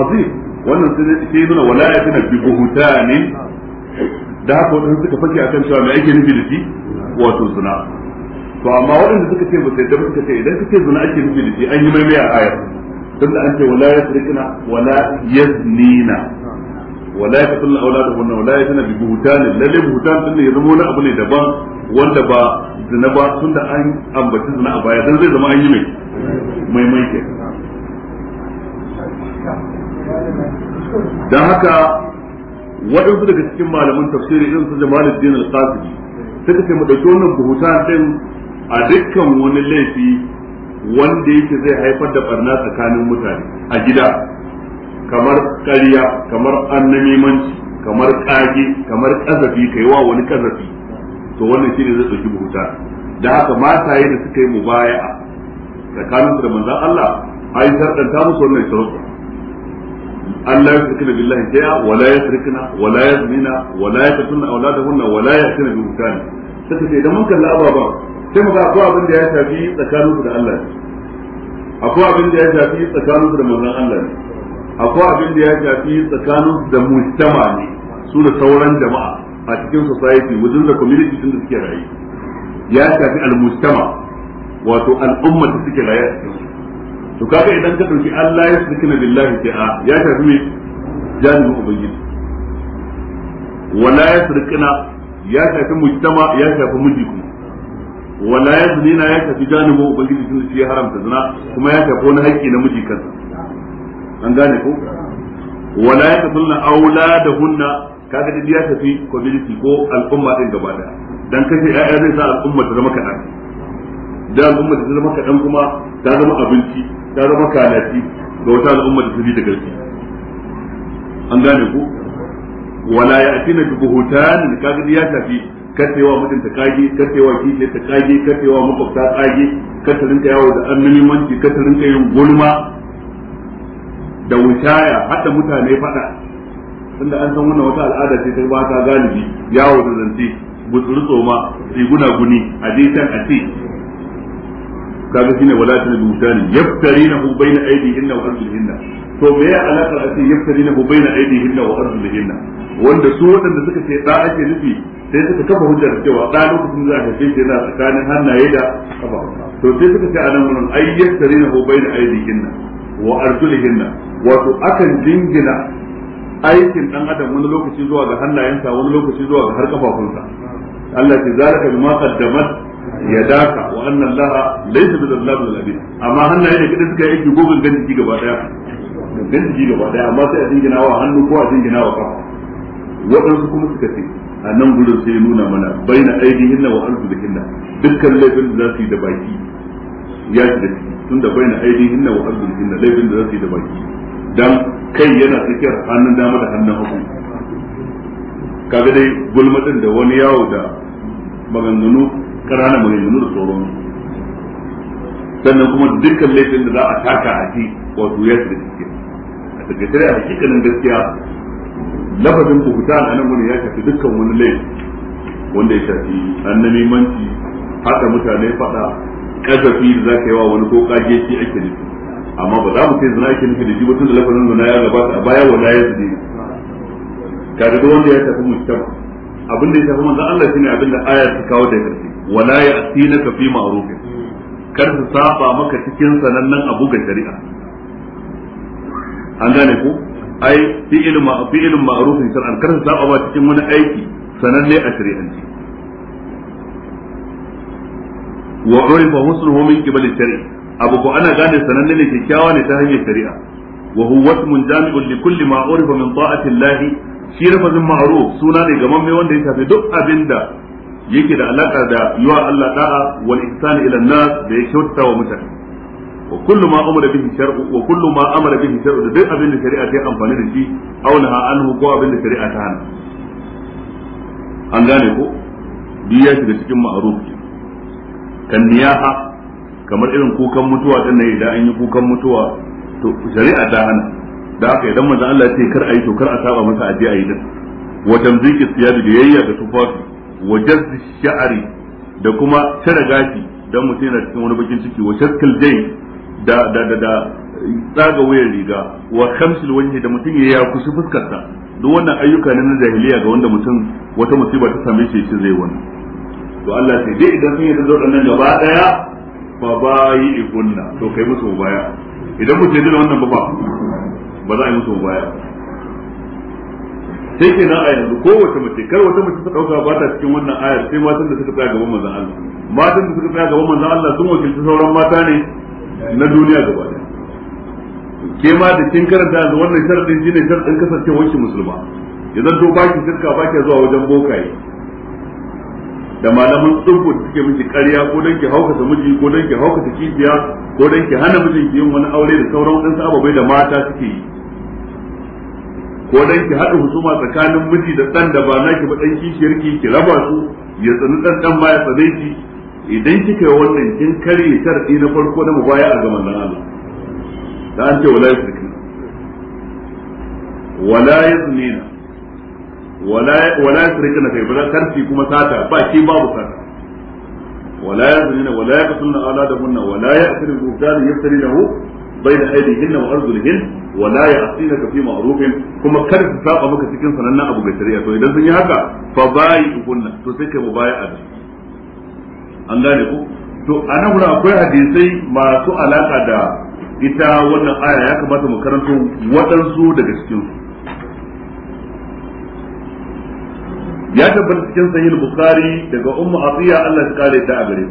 azim wannan sai nuna wala bi buhtanin da haka wadanda suka fake akan cewa me ake nufi da shi wato zina to amma waɗanda suka ce ba sai da suka ce idan kace zina ake nufi da shi an yi maimaya a ayar da an ce wala yasrikna wala yaznina wala yaqtul auladahunna wala yatana bi buhtan lalle buhtan din ne zama wani abu ne daban wanda ba zina ba tun da an ambaci zina a baya dan zai zama an yi mai maimai ke dan haka waɗansu daga cikin malaman tafsiri irin su Jamaluddin Al-Qasimi suka ce mu dauki wannan buhutan din a dukkan wani laifi wanda yake zai haifar da barna tsakanin mutane a gida kamar ƙarya kamar annamimanci kamar ƙage kamar ƙazafi kai wa wani ƙazafi to wannan shine zai ɗauki buhuta da haka mata yi da suka yi mubaya'a tsakanin su da manzan Allah yi sharɗanta musu wannan shirka Allah ya shirkina billahi shay'a wa la yusrikna wa la yazmina wa la na awladahunna wala ya ya'tina bi buhtan suka ce idan mun kalla ababan sai mu ga akwai abin da ya shafi tsakanin da Allah ne akwai abin da ya shafi tsakanin da manzon Allah ne akwai abin da ya shafi tsakanin da mujtama ne su da sauran jama'a a cikin society wajen da community din da suke rayu ya shafi al-mujtama wato al'umma da suke rayu a cikin to kaga idan ka dauki Allah ya sukuna billahi ta'a ya shafi me janibin ubangiji wala ya sukuna ya shafi mujtama ya shafi miji wala ya na ya tafi janibin ubangiji tun shi ya haramta zina kuma ya tafi wani haƙƙi na miji kansa an gane ko wala ya tafi na aula da hunna kaga da ya tafi community ko al'umma din gaba da dan kace ya'ya zai sa al'umma ta zama kaɗan da al'umma ta zama kaɗan kuma ta zama abinci ta zama kalaci ga wata al'umma da ta bi da garki an gane ko wala ya ya'tina bi buhutan kaga da ya tafi katsewa mutunta kage katsewa kishi ta kage katsewa makwabta kage kata rinka yawo da annabimanci kata rinka yin gulma da wushaya hada mutane fada tunda an san wannan wata al'ada ce ta ba ta galibi yawo da zance butsuru tsoma riguna guni a je can a ce kaga shine wala ta bi mutane yaftarina hu baina aidihinna wa arjulihinna to me ya alaka da ce yaftari na na baina aidihin wa arjulihin wanda su waɗanda suka ce da ake nufi sai suka kafa hujjar cewa da lokacin da aka fice yana tsakanin hannaye da kafa to sai suka ce a nan gurin ai yaftari na baina aidihin wa arjulihin wato akan jingina aikin dan adam wani lokaci zuwa ga hannayensa wani lokaci zuwa ga har kafafunsa Allah ya zalika bima qaddamat ya daka wa annan laha laysa bi zallabil abid amma hannaye ne kada suka yi aiki gogon ganci gaba daya gangan jiki gaba daya amma sai a jingina wa hannu ko a jingina wa kafa waɗansu kuma suka ce a nan gudun sai nuna mana bai na hinna wa arzu da hinna dukkan laifin da za su yi da baki ya shi da ciki tun da bai na hinna wa arzu da hinna laifin da za su yi da baki dan kai yana tsakiyar hannun dama da hannun hagu kaga dai gulmatin da wani yawo da maganganu ƙanana maganganu da sauran sannan kuma dukkan laifin da za a taka a ji wato ya shi da ciki daga dare a hakikanin gaskiya lafazin buhutan a nan wani ya shafi dukkan wani laifi wanda ya shafi annamimanci haka mutane faɗa ƙazafi da za ka yi wa wani ko kage shi ake nufi amma ba za mu kai zina ake nufi da shi ba tun da lafazin zina ya gabata a baya wala ya zine kaga da wanda ya shafi mujtama abin da ya shafi manzon Allah shine abin da aya ta kawo da karfi wala ya asina ka fi ma'rufin kar su saba maka cikin sanannen abu ga shari'a an gane ko ai fi'ilun ma fi'ilun ma'rufin shar'an kar sa saba cikin wani aiki sananne a shari'anci wa urifa husnuhu min qibal shari'a abu ko ana gane sananne ne kyakkyawa ne ta hanyar shari'a wa huwa ismun jami'un li kulli ma urifa min ta'ati Allah shi lafazin ma'ruf suna ne gaman mai wanda ya shafi duk abinda yake da alaka da yiwa Allah da'a wal ihsan ila nas da ya kyautata wa mutane wa kullu ma amara bihi shar'u wa kullu ma amara bihi shar'u da duk abin da shari'a ta yi amfani da shi auna anhu ko abin da shari'a ta hana an gane ko biyu ya shiga cikin ma'ruf kan niyaha kamar irin kukan mutuwa din nan idan an yi kukan mutuwa to shari'a ta hana da aka idan manzo Allah ya ce kar ayi to kar a saba masa aje ayi din wa tamziki siyabi da yayya da tufafi wa jazz sha'ari da kuma tara gashi dan mutum yana cikin wani bakin ciki wa shakkal jai da da da da tsaga wayar riga wa khamsul wajhi da mutum ya ya kusa fuskarsa duk wannan ayyuka ne na jahiliya ga wanda mutum wata musiba ta same shi shi zai wani to Allah sai dai idan sun yi da nan gaba daya fa bayi ikunna to kai musu baya idan mutum ya da wannan ba ba za a yi musu baya sai ke nan a yanzu kowace mace kar wata mace ta dauka ba ta cikin wannan ayar sai matan da suka tsaya gaban manzon Allah matan da suka tsaya gaban manzon Allah sun wakilci sauran mata ne na duniya gaba ke ma da kin karanta da wannan sharadin ne sharadin kasancewar ki musulma idan to baki shirka baki zuwa wajen bokaye da malaman tsubbu suke miki ƙarya ko dan ki haukata miji ko dan ki haukata kibiya ko dan ki hana mijin ki yin wani aure da sauran wadansu ababai da mata suke yi ko dan ki haɗa husuma tsakanin miji da ɗan da ba naki ba ɗan kishiyar ki ki raba su ya tsani ɗan ɗan ma ya tsane ki idan kika yi wannan kin karye sharadi na farko na mubaya'a ga manzon Allah da an ce wala yusrikna wala yaznina wala wala na kai ba karfi kuma sata ba shi babu sata wala yaznina wala yaqtulna auladahunna wala ya'tiru bi-buhtanin yaftarinahu بين أيديهن وأرجلهن ولا يعصينك في معروف كما كان تساقى مكا سكين سننا أبو بكرية فإذا سنيا هكا فبايئهن تسكي مبايعة an gane ku to a nan gurin akwai hadisai masu alaka da ita wannan aya ya kamata mu karanto waɗansu daga cikin ya tabbata cikin sahih bukhari daga ummu atiya Allah ta kare ta a gare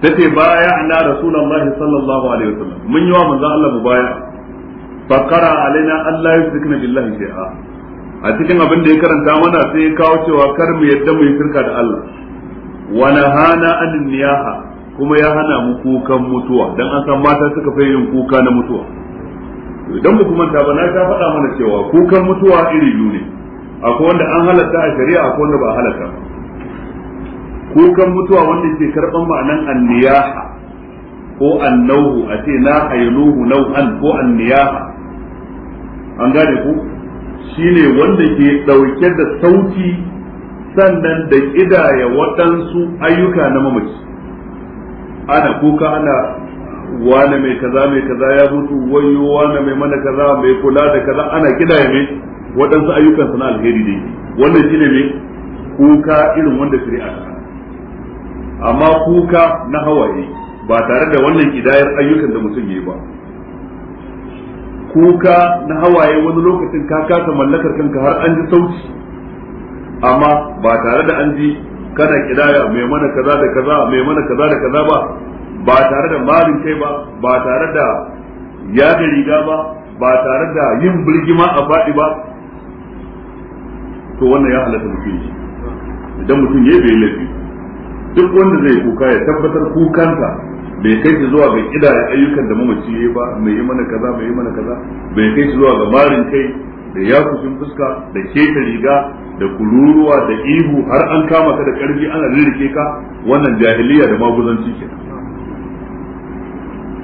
ta ce baya ana rasulullahi sallallahu alaihi wasallam mun yi wa manzon Allah mu baya fa alaina Allah yusrikna billahi shay'a a cikin abin da ya karanta mana sai ya kawo cewa kar mu yadda mu yi shirka da Allah wa nahana anin niyaha kuma ya hana mu kukan mutuwa dan an san mata suka fi yin kuka na mutuwa idan mu manta ta bana ta faɗa mana cewa kukan mutuwa iri biyu ne akwai wanda an halatta a shari'a akwai wanda ba halatta kukan mutuwa wanda ke karɓar ma'anan anniyaha ko annahu a ce na ainuhu nau'an ko anniyaha an gane ku shine wanda ke ɗauke da sauti sannan da kidaya waɗansu ayyuka na mamaci ana kuka ana wane mai kaza mai kaza ya mutu wayo wane mai mana kaza mai kula da kaza ana kidaya mai waɗansu ayyukan na alheri ne wannan shine mai kuka irin wanda shari'a ta amma kuka na hawaye ba tare da wannan kidayar ayyukan da mutum yayi ba kuka na hawaye wani lokacin ka kasa mallakar kanka har an ji sauci amma ba tare da an ji kana kidaya mai mana kaza da kaza mai mana kaza da kaza ba ba tare da malin kai ba ba tare da yaga riga ba ba tare da yin birgima a faɗi ba to wannan ya halatta mutum shi idan mutum ya bai laifi duk wanda zai kuka ya tabbatar kukansa bai kai shi zuwa ga kidaya ayyukan da mamaci ya ba mai yi mana kaza mai yi mana kaza bai kai shi zuwa ga marin kai da yakushin fuska da keta riga da kururuwa da ihu har an kama ka da karfi ana rirrike ka wannan jahiliya da maguzanci ke?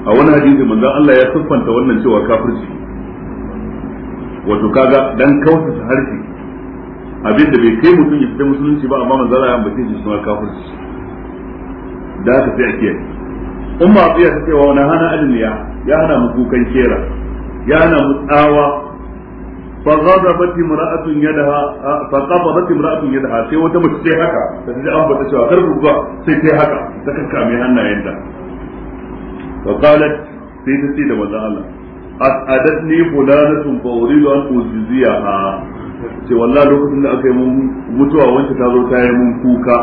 a wani hadisi manzo Allah ya siffanta wannan cewa kafirci wato kaga dan ta harfi abin da bai kai mutum ya fita musulunci ba amma manzo Allah ya ambace shi suna kafirci da ka fi a umma in ta cewa wani hana adaliya ya hana mu kukan kera ya hana mu tsawa فغضبت امرأة يدها فقبضت امرأة يدها sai wata mace sai haka ta ji an bata cewa karbu ba sai sai haka ta kakkame hannayenta wa qalat sai ta ce da manzo Allah as'adatni fulanatun fa uridu an ujiziha ce wallahi lokacin da aka yi mun mutuwa wanda ta zo ta yi mun kuka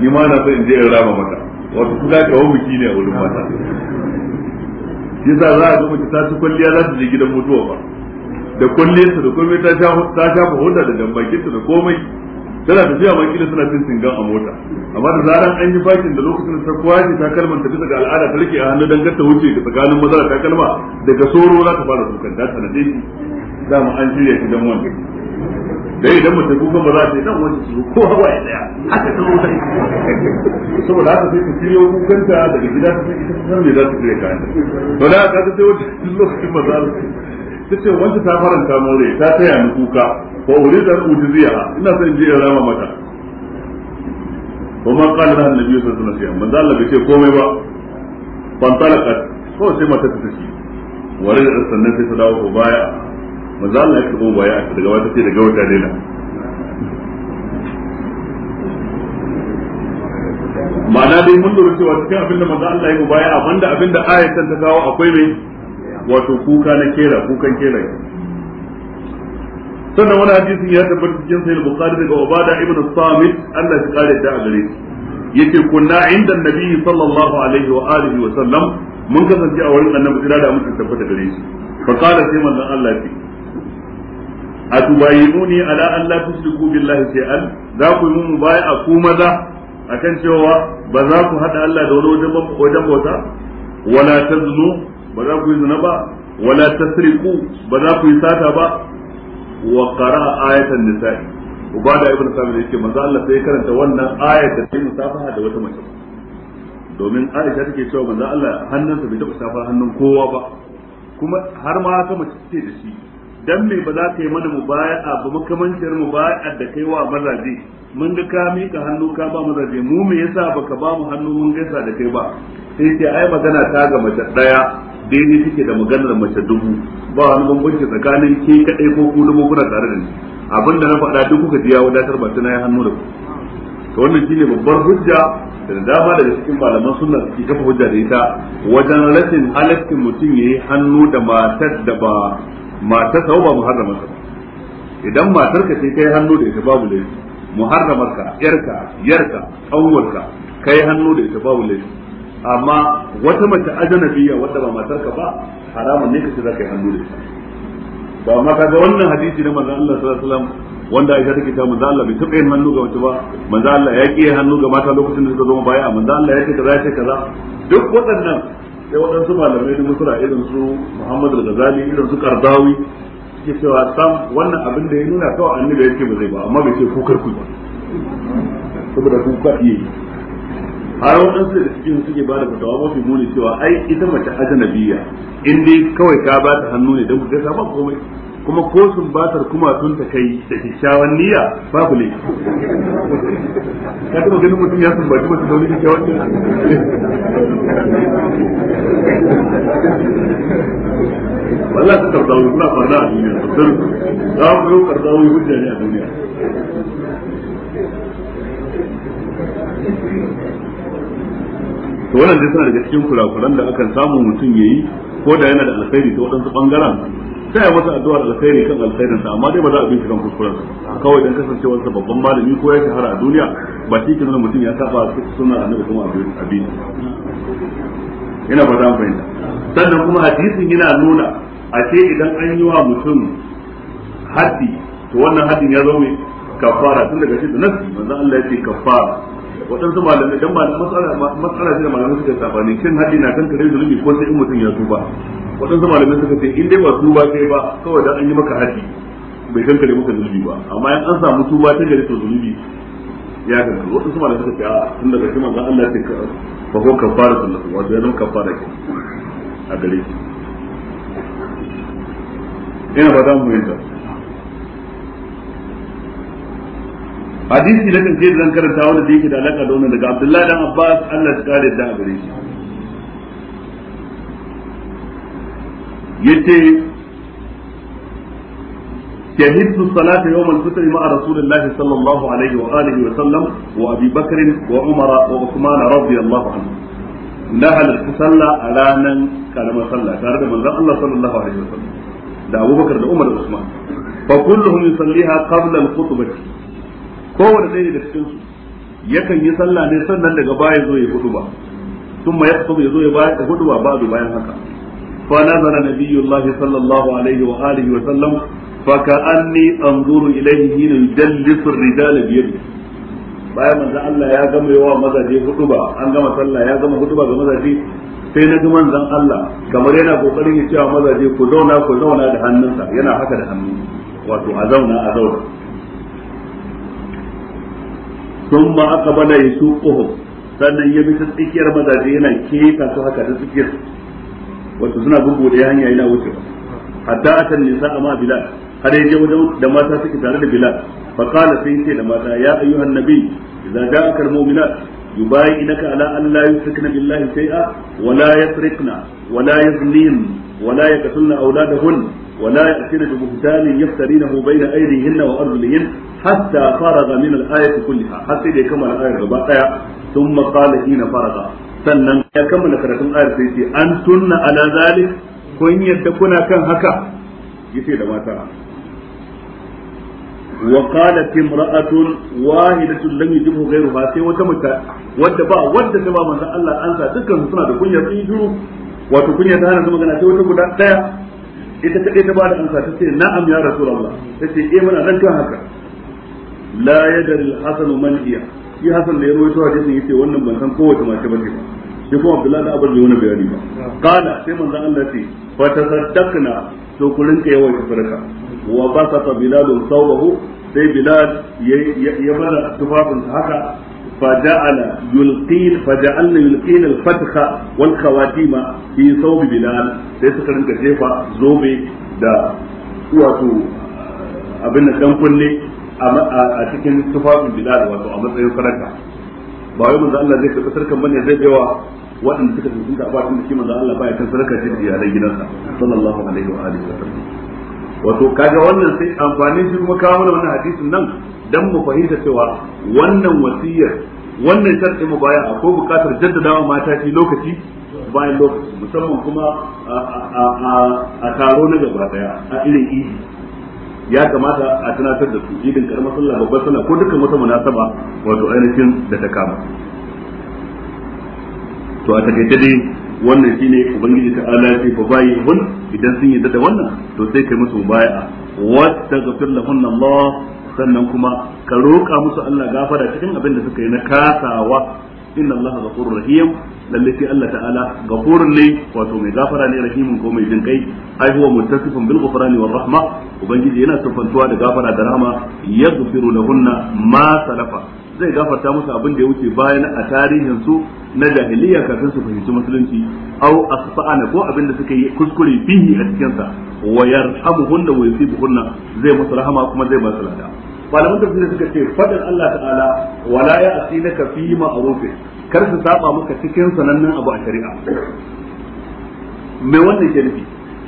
ni ma na in je in rama mata wato kuka ka wani biki ne a wurin mata yasa za a zo mace ta ci kwalliya za ta je gidan mutuwa ba da su da komai ta shafa hoda da su da komai tana jiya ma da suna cin singan a mota amma da zaran an yi bakin da lokacin ta kwace ta kalmar ta bisa ga al'ada ta rike a hannu dan ta wuce da tsakanin maza da kalma daga soro za ta fara dukan da sanade shi za mu an shirya shi dan wanda dai idan mutum kuka ba za ta yi dan wani su ko hawa ya tsaya haka ta zo sai saboda haka sai ta shirya kukanta daga gida ta sai ita sanar me za ta shirya kayan to da haka ta sai wata lokacin maza ta ce wanda ta faranta more ta taya ni kuka fa uridu an ujiziya ina son je in rama mata kuma qala da annabi sallallahu alaihi wasallam manzo Allah bai ce komai ba ban talaka ko sai mata ta tafi da sannan sai ta dawo baya manzo Allah ya karbo baya daga wata ce daga wata dela ma'ana dai mun lura cewa cikin abin da manzo Allah ya yi baya abinda abinda ayatan ta kawo akwai mai wato kuka na kera kukan kera sannan wani hadisin ya tabbata cikin sahih bukhari daga ubada ibn samit Allah ya kare da gare shi yace kunna inda nabi sallallahu alaihi wa alihi wa sallam mun kasance a wurin annabi kira da muke tabbata gare shi fa qala sai manzon Allah ya atubayinuni ala an la tushriku billahi shay'an za ku yi mun baya a ku maza akan cewa ba za ku hada Allah da wani wajen bauta wala tazlu ba za ku yi zina ba wala tasriqu ba za ku yi sata ba wa qara'a ayatan nisa'i ubada ibn sabir yake manzo Allah sai karanta wannan ayat da ta musafaha da wata mace domin Aisha take cewa manzo Allah hannunsa bai taɓa safar hannun kowa ba kuma har ma ta mace ce da shi dan me ba za ka yi mana mubaya'a ba makamancin mubaya'a da kai wa mazaje mun ga ka mika hannu ka ba mazaje mu me yasa baka ba mu hannu mun gaisa da kai ba sai ce ai magana ta ga mace daya daidai take da maganar mace dubu ba wani bambanci tsakanin ke kadai ko ku dubu kuna tare da ni abin da na faɗa duk kuka ji ya wadatar ba tana yi hannu da ku to wannan shine babbar hujja da dama daga cikin malaman sunna suke kafa hujja da ita wajen rashin halaccin mutum yayi hannu da matar da ba matar sau ba muharramar ka idan matar ka ce kai hannu da ita babu laifi muharramar ka yarka yarka kanwar ka kai hannu da ita babu laifi amma wata mace ajnabiya wadda ba matar ka ba haramun ne kace za ka yi hannu da ita ba amma kaga wannan hadisi na manzon Allah sallallahu alaihi wasallam wanda Aisha take cewa manzo Allah bai taɓa yin hannu ga mace ba manzo Allah ya kiyaye hannu ga mata lokacin da suka zo baya manzo Allah ya ce kaza ya ce kaza duk waɗannan sai waɗansu malamai da suna irin su Muhammad al-Ghazali irin su Qardawi suke cewa sam wannan abin da ya nuna kawai annabi ya ce ba zai ba amma bai ce kukar ku ba saboda ku ka yi har waɗansu da cikin suke ba da fatawa mafi muni cewa ai ita mace ajnabiyya in dai kawai ka ba ta hannu ne don ku ga ba komai kuma ko sun batar kuma tun ta kai da kyakkyawan niyya babu ne ka taba ganin mutum ya sun baci mutum wani kyakkyawan niyya wallahi ta karzawo suna farna a duniya sosai za mu yi karzawo hujja ne a duniya to wannan dai suna daga cikin kurakuran da akan samu mutum yi ko da yana da alkhairi ta waɗansu ɓangaren sai masa addu'ar alkhairi kan alkhairin sa amma dai ba za a bincika kuskuren sa kawai dan kasancewar sa babban malami ko ya shahara a duniya ba shi kenan mutum ya saba sunnar annabi kuma abin ina ba za mu fahimta sannan kuma hadisin yana nuna a ce idan an yi wa mutum haddi to wannan haddin ya zo mai kafara tun daga shi da nasi manzo Allah ya ce kafara waɗansu malamai dan malamai matsala ce da malamai suka ne kin haɗi na kan kare zulubi ko sai in mutum ya tuba waɗansu malamai suka ce in dai ba tuba kai ba kawai dan an yi maka haɗi bai kan kare maka zulubi ba amma in an samu tuba ta gare to zulubi ya ga waɗansu malamai suka ce a tun daga shi manzo Allah ce ka fa ko kafara sunnatu wato ya zama kafara ke a gare shi ina ba mu yanzu hadisi na kan zan karanta wanda da yake da alaka da wannan daga Abdullahi dan Abbas Allah ya kare da abure shi yace شهدت الصلاة يوم الفطر مع رسول الله صلى الله عليه وآله وسلم وأبي بكر وعمر وعثمان رضي الله عنه نهل الصلاة على نن كان ما صلى كان الله صلى الله عليه وسلم ده أبو بكر ده عمر وعثمان فكلهم يصليها قبل الخطبة kowane ɗaya daga cikin su yakan yi sallah ne sannan daga baya zo ya hudu ba ثم يخطب يزوي بعد هدوى بعد بيان هكا فنظر نبي wa صلى الله عليه وآله وسلم فكأني أنظر إليه حين يجلس الرجال بيده bayan manzon Allah ya gama yawa mazaje ba an gama sallah ya gama ba ga mazaje sai na ga manzon Allah kamar yana kokarin ya ce wa mazaje ku zauna ku zauna da hannunsa yana haka da hannu wato a zauna a zauna sun ma aka bala ya su sannan ya ta tsakiyar mazaje yana keta su haka hanya tsakiyar wato suna da hanya yana wuce hatta akan nisa amma bilal har yaje wajen da mata suke tare da bilal fa qala sai ce da mata ya ayyuhan nabi idza ja'aka al-mu'minat يبايعنك على أن لا يشركن بالله شيئا ولا يسرقن ولا يزنين ولا يقتلن أولادهن ولا يأتين ببهتان يفترينه بين أيديهن وأرجلهن حتى فرغ من الآية كلها حتى إذا كمل الآية الرباعية ثم قال حين فرغ sannan ya kammala karatun ayar sai ce an tunna ala zalik kun yadda kuna kan haka yace da mata wa qalat imra'atun wahidatun lam yujibhu ghayruha sai wata mace wadda ba wadda ta ba manzon Allah an sa dukkan suna da kunya sun shiru wato ta hana su magana sai wata guda daya ita ta ta ba da ansa ta ce na'am ya rasulullah ta ce eh muna nan kan haka la yadri al-hasan man hiya shi da ya rawaito hadisin yace wannan ban san kowace mace ba shi kuma abdullahi da abar bai wani bayani ba kana sai manzan Allah ce fa tasaddaqna to ku rinka yawan sadaka wa basata biladun sawahu sai bilal ya bada tufafin haka فجعل يلقين فجعلنا يلقين الفتخ والخواتيم في ثوب bilal. sai suka rinka jefa zobe da wato abin da dan kunne a cikin tufafin bilal wato a matsayin sadaka ba wai manzo Allah zai karɓi sarkan bane zai baiwa waɗanda suka tantance a bakin da shi manzo Allah baya kan sarka ce da iyalan gidansa sallallahu alaihi wa alihi wa sallam wato kaga wannan sai amfani shi kuma kawo mana wannan hadisin nan dan mu fahimta cewa wannan wasiyar wannan sharɗin mu baya akwai buƙatar jaddadawa mata shi lokaci bayan lokaci musamman kuma a taro na gaba daya a irin idi ya kamata a tunatar da su idin karamar sallah babbar sallah ko dukkan wata munasaba wato ainihin da ta kama to a takaice dai wannan shine ubangiji ta ala ce fa bayi hun idan sun yi da wannan to sai kai musu Wata wastaghfir lahunna Allah sannan kuma ka roƙa musu Allah gafara cikin abin da suka yi na kasawa inna allaha ghafurur rahim lalle Allah ta'ala ghafurun ne wato mai gafara ne rahimin ko mai jin aihuwar ai huwa muttasifun bil rahma ubangiji yana sifantuwa da gafara da rahama yaghfiru lahunna ma salafa zai gafarta musu abin da ya wuce bayan a tarihin su na jahiliya kafin su fahimci musulunci au asfa'ana ko abin da suka yi kuskure bihi a cikin sa wa yarhamuhunna wa yusibuhunna zai musu rahama kuma zai ba su lada malaman tafsir suka ce fadin Allah ta'ala wala ya ka fi ma'arufin, kar su saba maka cikin sanannen abu a shari'a me wannan ke nufi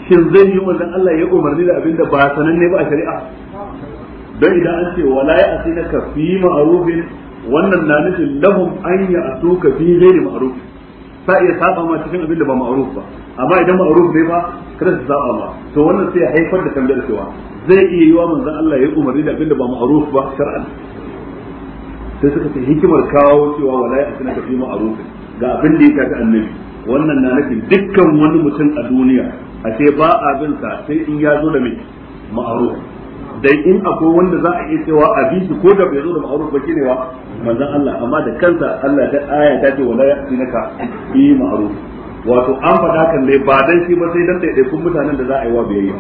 shin zai yi manzon Allah ya umarni da abinda ba sananne ba a shari'a don idan an ce wala ya ka fi ma'arufin", wannan na nufin lahum an ya asuka fi ghairi ma'ruf sa iya saba ma cikin abinda ba ma'aruf ba amma idan ma'ruf ne ba kada za a ma to wannan sai ya haifar da tambayar cewa zai iya yi yiwa manzon Allah ya umarni da abinda ba ma'ruf ba shar'an sai suka ce hikimar kawo cewa wala ya asina ka fi ma'ruf ga abin da ya tafi annabi wannan na nufin dukkan wani mutum a duniya a ce ba abin sa sai in ya zo da mai ma'ruf dai in akwai wanda za a iya cewa a bi ko da bai zo da ma'ruf ba shine wa manzon Allah amma da kansa Allah ta aya ta ce wala ya asina ka fi ma'ruf wato an faɗa kan ne ba dan shi ba sai dan ɗaiɗaikun mutanen da za a yi wa biyayya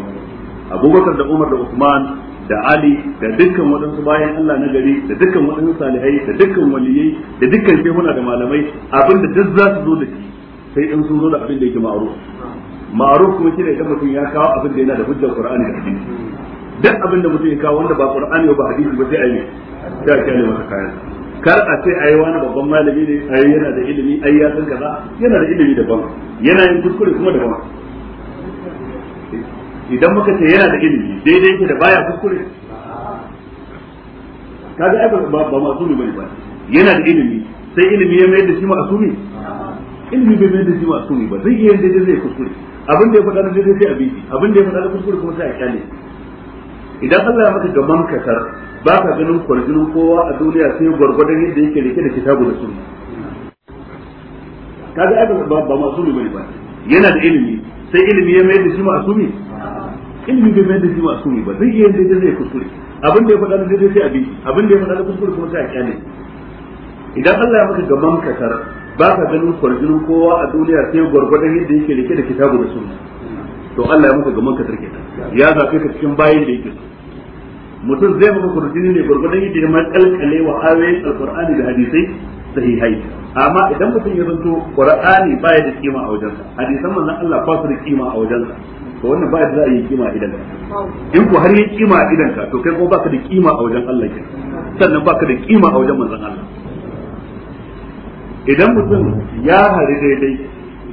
abubakar da umar da usman da ali da dukkan waɗansu bayan allah na gari da dukkan waɗansu salihai da dukkan waliyai da dukkan shehuna da malamai abin da duk za su zo da shi sai in sun zo da abin da yake ma'aruf ma'aruf kuma shi ne idan mutum ya kawo abin da yana da hujjar qur'ani da hadisi duk abin da mutum ya kawo wanda ba qur'ani ba hadisi ba sai a yi ta kyale masa kayan kar a ce ai wani babban malami ne ai yana da ilimi ai ya san kaza yana da ilimi daban yana yin kuskure kuma daban idan muka ce yana da ilimi daidai yake da baya kuskure kaga ai ba ba masumi bane ba yana da ilimi sai ilimi ya mai da shi ma asumi ilimi bai mai da shi ma asumi ba zai iya daidai zai kuskure abin da ya faɗa na daidai sai a bi abin da ya faɗa na kuskure kuma sai a kyale idan Allah ya maka gaman kasar ba ka ganin kwarjinin kowa a duniya sai gwargwadon yadda yake rike da kitabu da sunna kaga ai ba ba masumi bane ba yana da ilimi sai ilimi ya mai da shi masumi ilimi bai mai da shi masumi ba zai yi yadda zai kuskure abin da ya faɗa da zai sai a abin da ya faɗa da kuskure kuma sai a kyale idan Allah ya maka gaman kasar ba ka ganin kwarjinin kowa a duniya sai gwargwadon yadda yake rike da kitabu da sunna to Allah ya maka gaman kasar kenan ya zafe ka cikin bayin da yake so mutum zai maka kurjini ne gurgurdan yadda ya makalkale wa awe alqur'ani da hadisai sahihai amma idan mutum ya zanto qur'ani baya da kima a wajensa hadisan manzon Allah ba su da kima a wajensa to wannan baya da za a yi kima a idan in ko har yi kima a idan ka to kai ko baka da kima a wajen Allah ke sannan baka da kima a wajen manzon Allah idan mutum ya hari daidai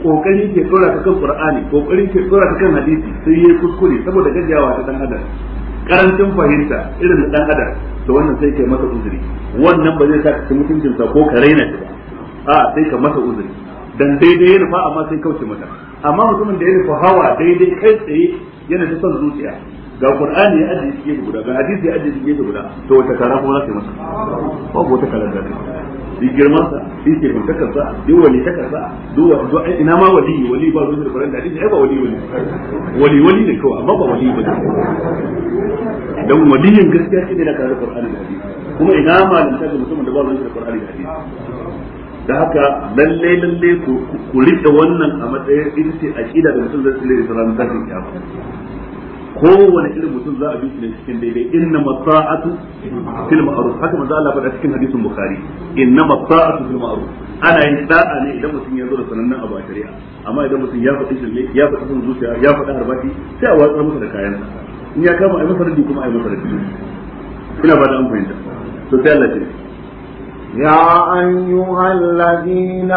kokarin ke tsora ka kan qur'ani kokarin ke tsora ka kan hadisi sai yayi kuskure saboda gajiyawa ta dan adam karancin fahimta irin da dan adam to wannan sai kai masa uzuri wannan ba zai sa ka mutuncin sa ko ka raina shi ba a sai ka masa uzuri dan daidai yana fa amma sai kauce mata amma mutumin da yana fa hawa daidai kai tsaye yana da son zuciya ga qur'ani ya ajiye shi guda ga hadisi ya ajiye shi guda to wata kara kuma zai masa ko ko ta da ne yi girman sa yi ke mutakar sa yi wali takar sa duk wani duk ai ina ma wali wali ba zuwa da da hadisi ai ba wali wali wali wali ne ko amma ba wali ba dan waliyin gaskiya shi ne da karatu qur'ani da hadisi kuma ina ma da take mutumin da ba zuwa da qur'ani da hadisi da haka lalle lalle ku rike wannan a matsayin irin ce aqida da mutum zai tsire da ranar tashin kiyama kowane irin mutum za a bi ne cikin daidai inna masa'atu fil ma'ruf haka manzo Allah faɗa cikin hadisin bukhari inna masa'atu fil ma'ruf ana yin da'a ne idan mutum ya zo da sanannen abu a shari'a amma idan mutum ya faɗi shirme ya faɗi son zuciya ya faɗi harbati sai a watsar masa da kayan in ya kama a yi masa kuma a yi masa ina ba da an fahimta to sai Allah ya يا أيها الذين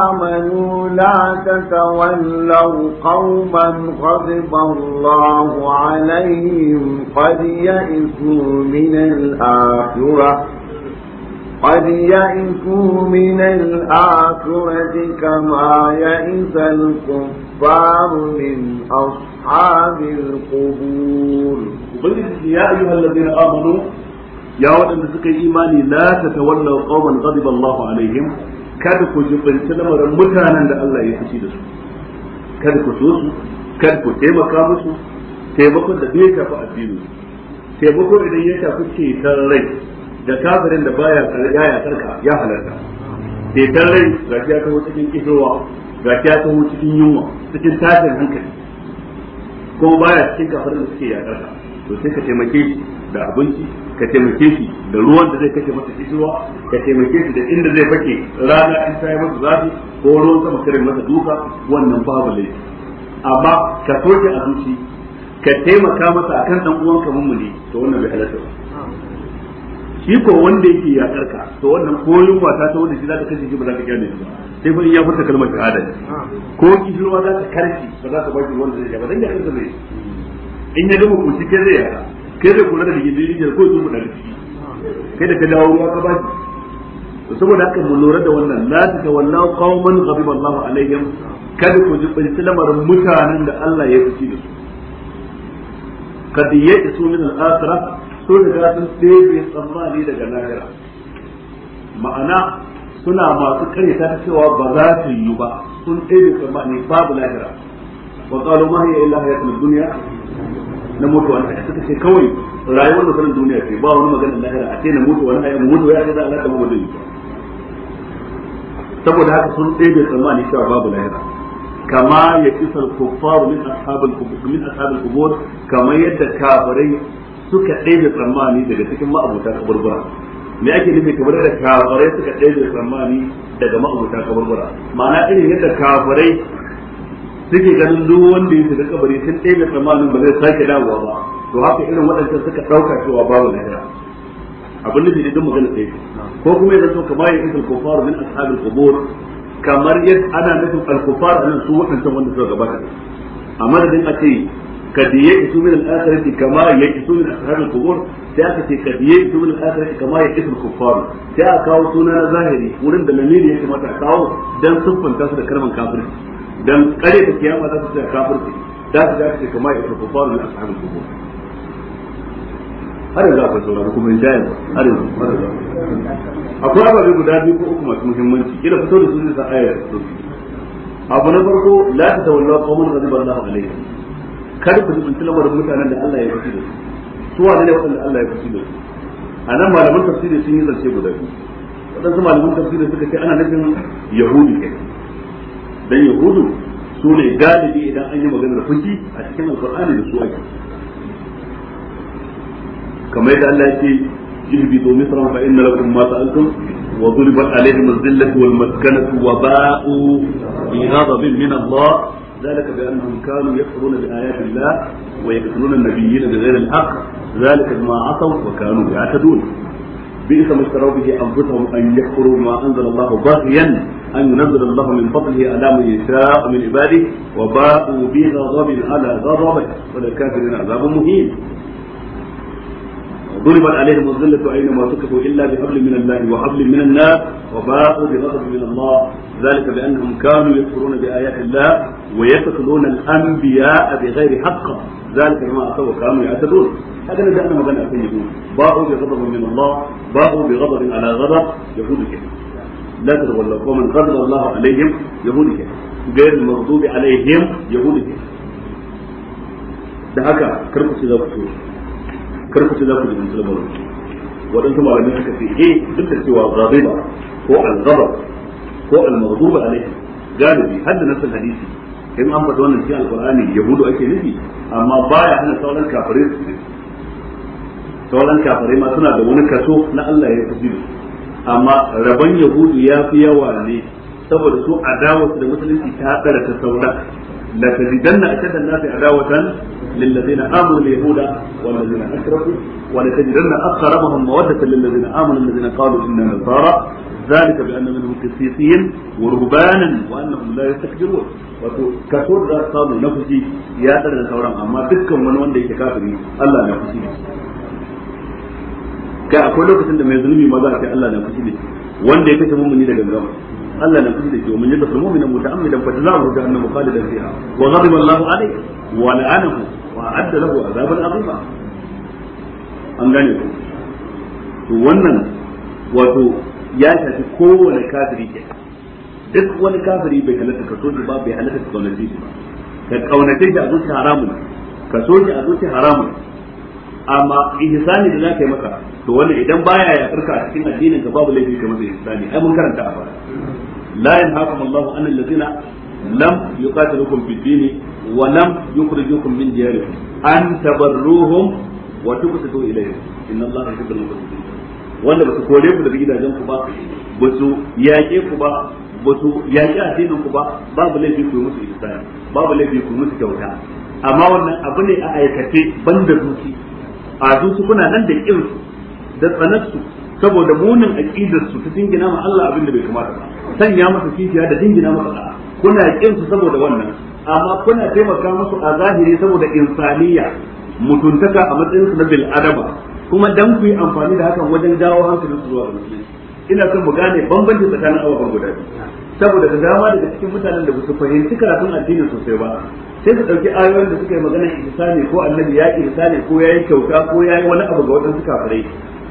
آمنوا لا تتولوا قوما غضب الله عليهم قد يئسوا من الآخرة قد يئسوا من الآخرة كما يئس الكفار من أصحاب القبور. قل يا أيها الذين آمنوا ya waɗanda suka yi imani la tatawallaw qauman ghadiba Allahu alaihim kada ku jibinci lamarin mutanen da Allah ya fushi da su kada ku so su kada ku taimaka musu taimakon da bai shafi addini Taimakon idan ya shafi ceton rai da kafirin da baya ya yakarka ya halarta ceton rai ga ya kawo cikin kishowa ga ya wuce cikin yunwa cikin tashin hankali ko baya cikin kafirin da suke yaƙarka, to sai ka taimake shi da abinci ka taimake shi da ruwan da zai kashe masa kishirwa ka taimake shi da inda zai fake rana in ta yi masa zafi ko ruwan sama kare masa duka wannan babu laifi amma ka soke a zuci ka taimaka masa akan dan ka mummuni to wannan bai halatta ba shi ko wanda yake ya karka to wannan ko wata ta wanda shi za ka kashe shi ba za ka shi ba sai fa in ya furta kalmar shahada ko kishirwa za ka karki ba za ka ba shi wanda zai ya ba dan ya karka ne in ya gama kuci ke zai yara. kai zai kula da digindin jijiyar ko tsumu da ɗari. kai da ka dawo ruwa ka baki to saboda haka mu lura da wannan la ta wallahu qauman ghadiba alaihim kada ku ji bincin lamarin mutanen da Allah ya fushi da su kad ya'isu min al-akhirah sun da sun tsammani daga lahira ma'ana suna masu karyata ta cewa ba za su yi ba sun tsebe tsammani babu lahira wa qalu ma hiya illa hayatul dunya na mutuwa na suka ce kawai rayuwar da sanin duniya ce ba wani magana na a ce na mutuwa na ayyukan mutuwa ya ce da Allah ta mabu saboda haka sun ɗebe tsammani cewa babu lahira kama ya kisa kuffaru min ashabul kubur min ashabul kubur kamar yadda kafirai suka ɗebe tsammani daga cikin ma'abuta kaburbura me ake nufi kamar da kafirai suka ɗaya da tsammani daga ma'abuta kaburbura ma'ana irin yadda kafirai suke ganin duk wanda ya shiga kabari sun ɗebe tsammanin ba zai sake dawowa ba to haka irin waɗancan suka ɗauka cewa babu lahira abin nufi duk magana ɗaya ko kuma yanzu kamar ya isa kufar min ashabil qubur kamar yadda ana nufin al-kufar anan su waɗancan wanda suka gabata a madadin a ce kad ya'isu min al-akhirati kama ya'isu min ashabil qubur sai aka ce kad ya'isu min al-akhirati kama ya'isu al-kuffar sai a kawo suna na zahiri wurin da lamiri ya kamata a kawo dan siffanta su da kalman kafirci dan kare ta kiyama za su ce kafirci za su ga ce kamar ita kufaru na ashabul kubur har yanzu akwai sauraro kuma in jayin har yanzu akwai ababe guda biyu ko uku masu muhimmanci kila fito da su ne sa ayar su abu na farko la ta tawalla qawmun ghadiba Allah alayhi kar ku jibin lamarin mutanen da Allah ya yi da su su wa ne wanda Allah ya yi da su a nan malaman tafsiri sun yi zance guda biyu waɗansu malaman tafsiri suka ce ana nufin yahudi kai dan yahudu su ne galibi idan an yi maganar fuki a cikin alkur'ani da su ake kamar yadda Allah yake jilbi ihbitu misran fa inna lakum ma sa'altum wa duribat alayhim az-zillatu wal maskanatu wa ba'u bi ghadabin min Allah ذلك بأنهم كانوا يكفرون بآيات الله ويقتلون النبيين بغير الحق ذلك بما عصوا وكانوا يعتدون بئس ما اشتروا به انفسهم ان يكفروا بما انزل الله باغيا ان ينزل الله من فضله على من يشاء من عباده وباءوا بغضب على غضبه وللكافرين عذاب مهين ضربت عليهم الذلة أينما سكتوا إلا بحبل من الله وحبل من الناس وباءوا بغضب من الله ذلك بأنهم كانوا يكفرون بآيات الله ويقتلون الأنبياء بغير حق ذلك بما أتوا كانوا يعتدون هذا نجد ما بنى أكون يقول باءوا بغضب من الله باءوا بغضب على غضب يهود كده لا تتولوا ومن غضب الله عليهم يهود كده غير المغضوب عليهم يهود كيف ده haka karku ci kar ku ce za ku ji mutum lamarin waɗansu malamai suka ce eh duk da cewa ghadiba ko al zabar ko al-maghdubu alayhi galibi hadda nasan hadisi in an faɗi wannan cikin alqur'ani yahudu ake nufi amma baya hana sauran kafirai su ne sauran kafirai ma suna da wani kaso na Allah ya fi amma rabon yahudu ya fi yawa ne saboda su adawa da musulunci ta tsara ta saura la tajidanna ashadda an-nasi adawatan lil ladina amanu al-yahuda wal ladina ashraku wa la tajidanna aqrabahum mawaddatan lil ذلك بأن منهم قسيسين ورهبانا وأنهم لا يستكبرون wato kasur da samu na fushi ya tsara da sauran amma dukkan wani wanda yake kafiri Allah na fushi kai akwai lokacin da mai zulmi ma za a kai Allah wanda ya kashe mummuni daga gaba Allah na fushi da shi mun yadda mu'mina muta'ammidan fa jazahu jahannamu khalidan fiha wa ghadiba Allahu alayhi wa la'anahu wa adda lahu azaban azima an gane ku to wannan wato ya shafi kowane kafiri ke duk wani kafiri bai halatta ka soke ba bai halatta ka kaunace shi ba ka kaunace shi a zuciya haramun ka soke a zuciya haramun amma ihsani da zaka yi maka to wannan idan baya ya karka a cikin addinin ka babu laifi kamar masa ihsani ai mun karanta a baya la yanhaakum Allahu an allazina lam yuqatilukum fid din wa lam yukhrijukum min diyarikum an tabarruhum wa tuqsitu ilayhim inna Allaha yuhibbul muqsitin wanda ba su kore ku daga gidajen ku ba ba su yaƙe ku ba ba su yaƙi addinin ku ba babu laifi ku yi musu ihsani babu laifi ku yi musu kyauta amma wannan abu ne a aikace da zuci a zuci kuna nan da kin da tsanarsu saboda munin aqidar su ta jingina ma Allah abin da bai kamata ba sanya masa kishiya da dingina masa da'a kuna kin su saboda wannan amma kuna taimaka musu a zahiri saboda insaniya mutuntaka a matsayin su na bil adama kuma dan ku yi amfani da hakan wajen dawo hankalin su zuwa musulunci ina son mu gane bambanci tsakanin ababen guda saboda da dama daga cikin mutanen da su fahimci karatun addinin sosai ba sai su ɗauki ayoyin da suka yi magana ihsani ko annabi ya ihsani ko ya yi kyauta ko ya yi wani abu ga waɗansu kafirai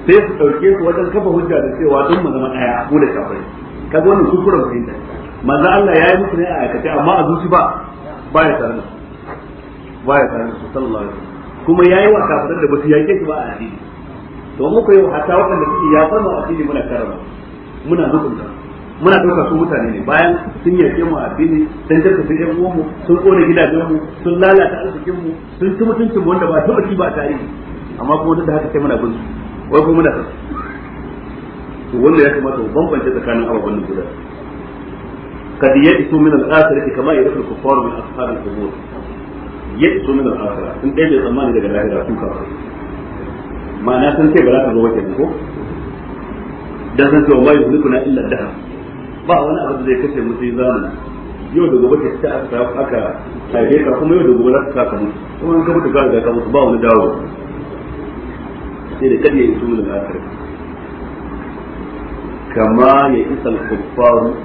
sai su ɗauke su wajen kafa hujja da cewa don mu zama ɗaya ko da kafirai kaga wannan kuskuren fahimta manzo Allah ya yi musu ne a aikace amma a zuci ba ba ya tare da su ba ya tare da su sallallahu alaihi kuma yayi wa kafirin da basu yake su ba a addini to mu koyi hatta da suke ya san a addini muna karama muna hukunta muna ɗauka su mutane ne bayan sun yake mu a addini sun jarka sun yan mu sun kone gidajen mu sun lalata arzikin mu sun ci mutuncin wanda ba ta ba a tarihi amma kuma duk da haka sai muna bin su wai kuma muna kasu to wanda ya kamata mu bambance tsakanin ababen nan guda kad ya'isu min al-akhirati kama ya'rifu al-kuffar min ashab al-qubur ya'isu min al-akhirah in dai bai tsammani daga lahira sun kafa ma'ana san ce ba za ka zo wajen ko dan san cewa ma yuhlikuna illa dahab ba wani abu da zai kashe mu sai zamani yau da gobe ta aka aka haife ka kuma yau da gobe za ka ka mutu kuma in ka mutu ka riga ka mutu ba wani dawo sai da kadi ya isu min al-akhirah kama ya isa al-kuffaru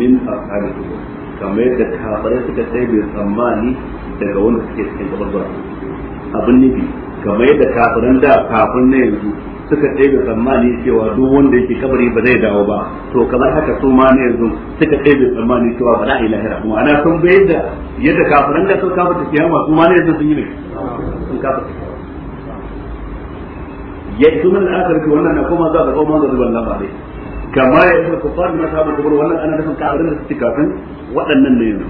min aqarihi kamar yadda kafirai suka tsaye bai tsammani daga wanda suke cikin kabarbar abin nufi kamar yadda da na yanzu suka tsaye tsammani cewa duk wanda yake kabari ba zai dawo ba to kamar haka su ma na yanzu suka tsaye tsammani cewa ba za a yi lahira kuma ana sun bai yadda yadda kafiran da suka kafa kiyama su ma na yanzu sun yi ne sun kafa ya wannan na koma za ka koma ga zuban lafa dai kama ya yi kufar na samun kabar wannan ana nufin kafirin da suke kafin waɗannan ne yanzu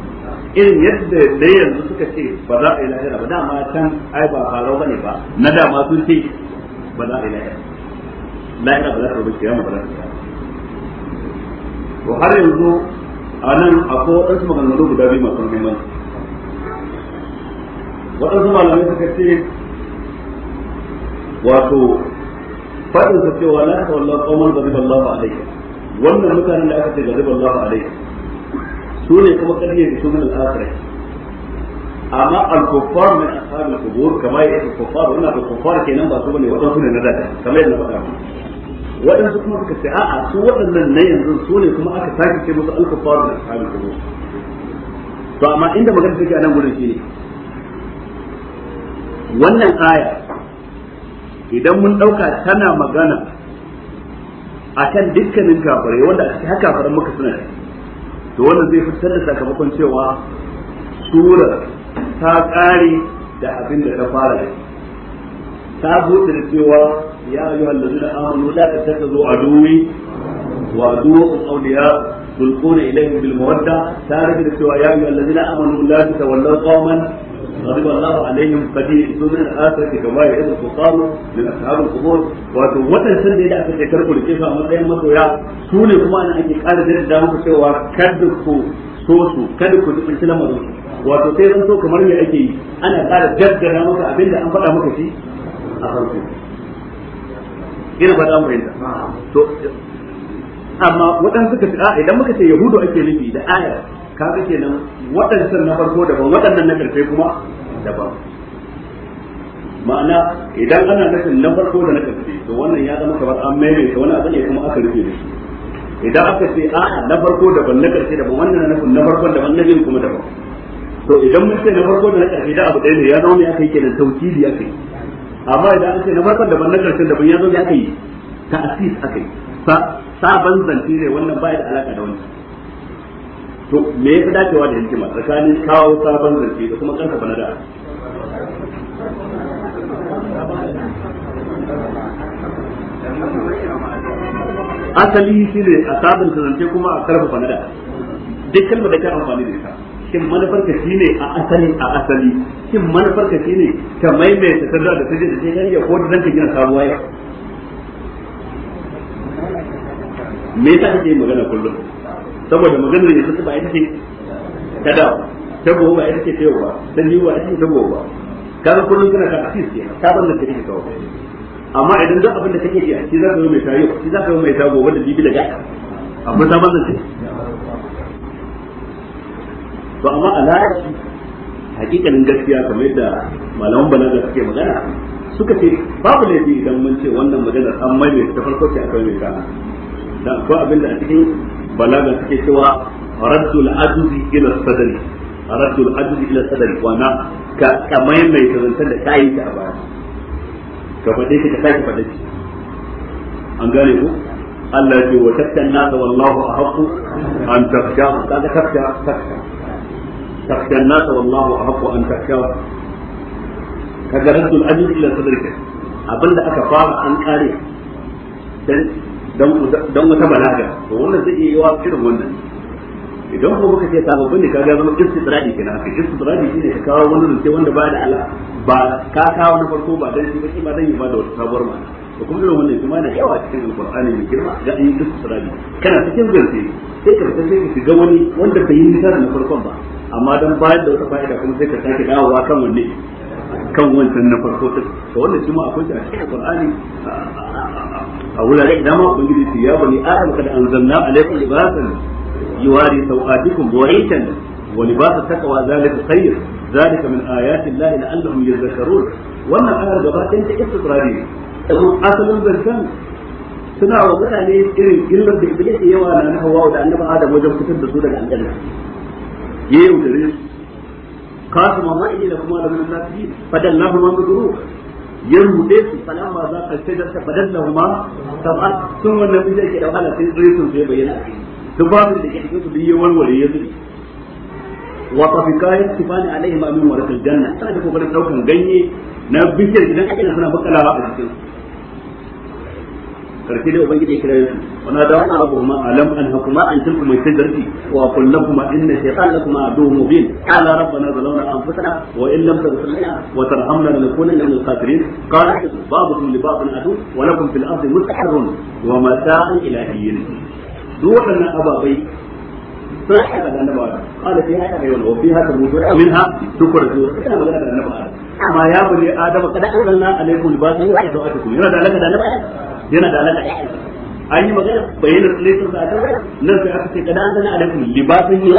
irin yadda da yanzu suka ce ba za a yi lahira ba dama can ai ba farau bane ba na dama sun ce ba za a yi lahira lahira ba za ta rubuce yamma ba za ta yi to har yanzu a nan akwai waɗansu maganganu guda biyu masu muhimmanci waɗansu malamai suka ce wato fadin sa cewa la tawalla qawman ghadiba Allahu alayhi wannan mutanen da aka ce ghadiba Allahu alayhi su ne kuma kariya da sunan al-akhirah amma al-kuffar min ashab al-qubur kama ya al-kuffar wannan al-kuffar kenan ba su bane wadansu ne na da kama yadda faɗa waɗansu kuma suka ce a'a su waɗannan na yanzu su ne kuma aka sake ce musu al-kuffar min ashab al-qubur to amma inda magana take a nan gurin shine wannan aya idan mun ɗauka tana magana a akan dukkanin kafirai wanda a cikin haka kafiran maka suna da to wannan zai fitar da sakamakon cewa sura ta kare da abin da ta fara da ta buɗe da cewa ya yi da allazina amanu la tattakhidhu aduwi wa aduwwakum awliya tulquna ilayhim bil mawadda ta rage da cewa ya yi da allazina amanu la tatawallaw qauman غضب الله عليهم قد يئسوا من الآخرة كما يئس الفقار من أصحاب القبور wato waɗancan da ya aka ce karku da kefa a matsayin masoya su ne kuma ana ake ƙara jaddada muku cewa kada ku so su kada ku tsinci lamarin wato sai zan so kamar me ake yi ana ƙara jaddada maka abinda an faɗa maka a farko ina faɗa mu yanda to amma waɗansu suka ce a idan muka ce yahudu ake nufi da ayar Ka kaga nan waɗansan na farko daban waɗannan na ƙarfe kuma daban ma'ana idan ana nufin na farko da na ƙarfe to wannan ya zama kamar an maimaita wani abin ya kuma aka rufe da shi idan aka ce a na farko daban na ƙarfe daban wannan na nufin na farko daban na biyun kuma daban to idan mun ce na farko da na ƙarfe da abu ɗaya ne ya zama me aka yi kenan tauhidi aka yi amma idan aka ce na farko daban na ƙarfe daban ya zama ne aka yi ta'asis aka yi sabon zance ne wannan baya da alaƙa da wannan to me ya fi dacewa da hikima tsakanin kawo sabon zance da kuma kanka bana da asali shi ne a sabon zance kuma a karfa na da duk kalmar da ka amfani da ita shin manufarka shi ne a asali a asali shin manufarka shi ne ta maimaita sarra da ta da ta yi ko da zanka gina sabuwa ya me yasa kake magana kullum saboda maganar ya kusa ba ita ce ta da ta gobe ba ita ce ta yau ba ta ni ba ita ce ta gobe ba ga kullum kana ka asis ke ta ban da kake kawo amma idan duk abin da kake yi shi zaka yi mai tayo shi zaka yi mai tago wanda bibi da gaka amma ta ban da to amma a hakikanin gaskiya kamar yadda malaman balaga suke magana suka ce babu laifi idan mun ce wannan maganar an mai ta farko ce akan mai ta dan ko abin da a cikin balaga suke cewa raddul ajzi ila raddul ila wana ka mai da ta ba ka fade ka fade shi an gane Allah ya ce wa tattanna da wallahu an kaga da wallahu an raddul ila abinda aka fara an kare dan don wata balaga to wannan zai iya wa irin wannan idan ko muka ce sababbin ne kaga zama istidradi kenan haka istidradi shine ka kawo wani zance wanda ba da ala ba ka kawo na farko ba dan shi ba kima dan yi ba da wata sabuwar ma to kuma irin wannan kuma na yawa cikin alqur'ani mai girma ga an yi istidradi kana cikin zance sai ka tafi ka shiga wani wanda bai yi misali na farkon ba amma dan bayar da wata fa'ida kuma sai ka sake dawowa kan wanne kan wancan na farko din to wannan shi ma akwai a cikin Qur'ani a wurare da ma ubangiji ce ya bani adam kada anzalna alaykum libasan yuwari sawatikum wa ritan wa libasa taqwa zalika khayr zalika min ayati llahi la'allahum yadhakkarun wannan ayar gaba ɗin ta istiqrari asalin zancen suna wa mutane irin illar da iblis yawa na hawa da annabi adam wajen fitar da su daga aljanna yayin da khatiman wa'idi da kuma lamun nasihi fadallahu man biduru yarmude su falamma za ka shajar ta fadallahu ma sab'a sun wannan bidai ke da wahala sai sun sai bayyana duk babin da ke cikin su biyu warware ya zubi wa tafikayen tufani alaihim amin wa rasul janna sai da kokarin daukan ganye na bishiyar idan aka suna bakalawa a cikin su karshe dai ubangiji kira su wana da wannan abu ma alam an hukuma an tilku mai wa inna mubin rabbana anfusana wa in lam wa tarhamna min al-khasirin qala li adu wa lakum fil ardi mustaqarrun wa duk ababai sun da qala fi da fi minha magana da amma ya bani adama kada alaikum wa yana da alaka da yana da alaka an yi magana bayyana laifin da aka nan sai aka ce kada an zana alaikum libasun yi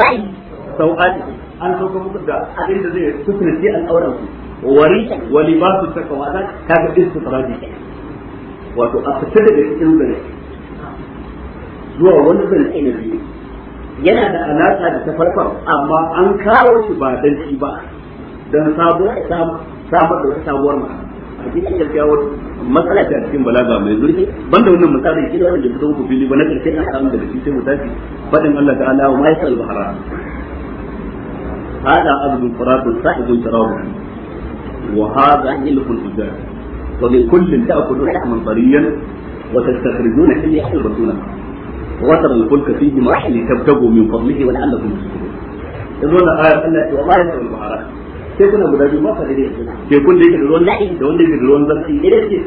sau'ati an sauka muku da abin da zai sukunci al'auran ku wari wa libasu takawa da kaga istitraji wato a fita daga cikin zane zuwa wani zane ne yana da alaka da ta farkon amma an kawo shi ba dan shi ba dan sabuwar samar da wata sabuwar ma'ana shi ne ake kawo matsala ta cikin balaga mai zurfi banda wannan misali shi ne wanda fito ku fili ba na karshe an samu da shi sai mu tafi fadin Allah ta'ala wa ma yasal bahara hada azbun furatun sa'idun tarawu wa hada ilfun ujar wa min kullin ta'kulu lahman tariyan wa tastakhrijuna illi yahbatuna wa tara al-fulka fihi ma'ali tabtagu min fadlihi wa la'allakum tashkurun yanzu wannan ayar Allah ce wa ma yasal bahara tekuna guda biyu ba sa daidai tekun da yake da ruwan daɗi da wanda yake da ruwan zarfi daidai ce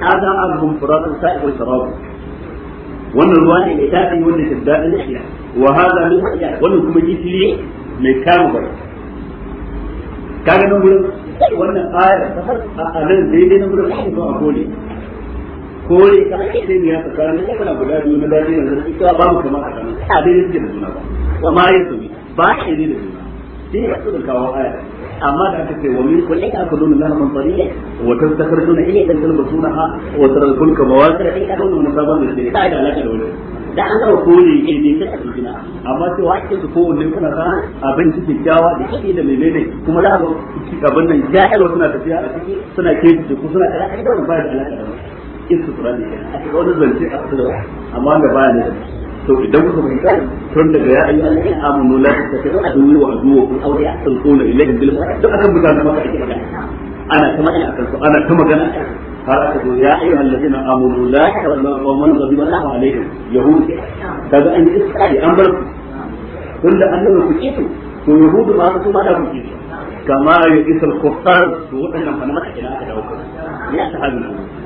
hada arhum furatun sa'ikul sarabu wannan ruwa ne mai tafi wanda ke da daɗin shiya wa hada min hayya wannan kuma gishiri mai kama bai kaga nan gurin wannan ayar a nan daidai nan gurin kuma a kole kore kamar sai ne ya tsakanin kuna guda biyu na daɗi da zarfi cewa babu kamar a kanin a daidai suke da juna ba amma ya so ba shi ne da juna shi ne ya tsudin kawo ayar amma da aka ce wa min kulli ka kullu min lahum tariya wa tastakhrujuna ilayhi dan talbasunaha wa al kulka mawaqir da da alaka da an ne a cikin amma sai wa ake su kowanne kana sa abin kyawa da kike da mai ne kuma za abin nan jahilwa suna tafiya a ciki suna keji ko suna ba da alaka da a cikin wani zance a cikin amma da to idan kuka fahimta tun daga ya ayi an amunu la ta ta adu wa adu kun aure sun kona ilahin bil duk akan mutane maka ake magana ana ta magana akan su ana ta magana har aka zo ya ayi allazina amunu la ta wa man ghadiba Allahu alaihim yahud kaga an iskari an bar tun da Allah ku ce to yahudu ma su ma da ku ce kama ya isal kuffar to wadannan fa na maka ina aka dawo ya ta hadu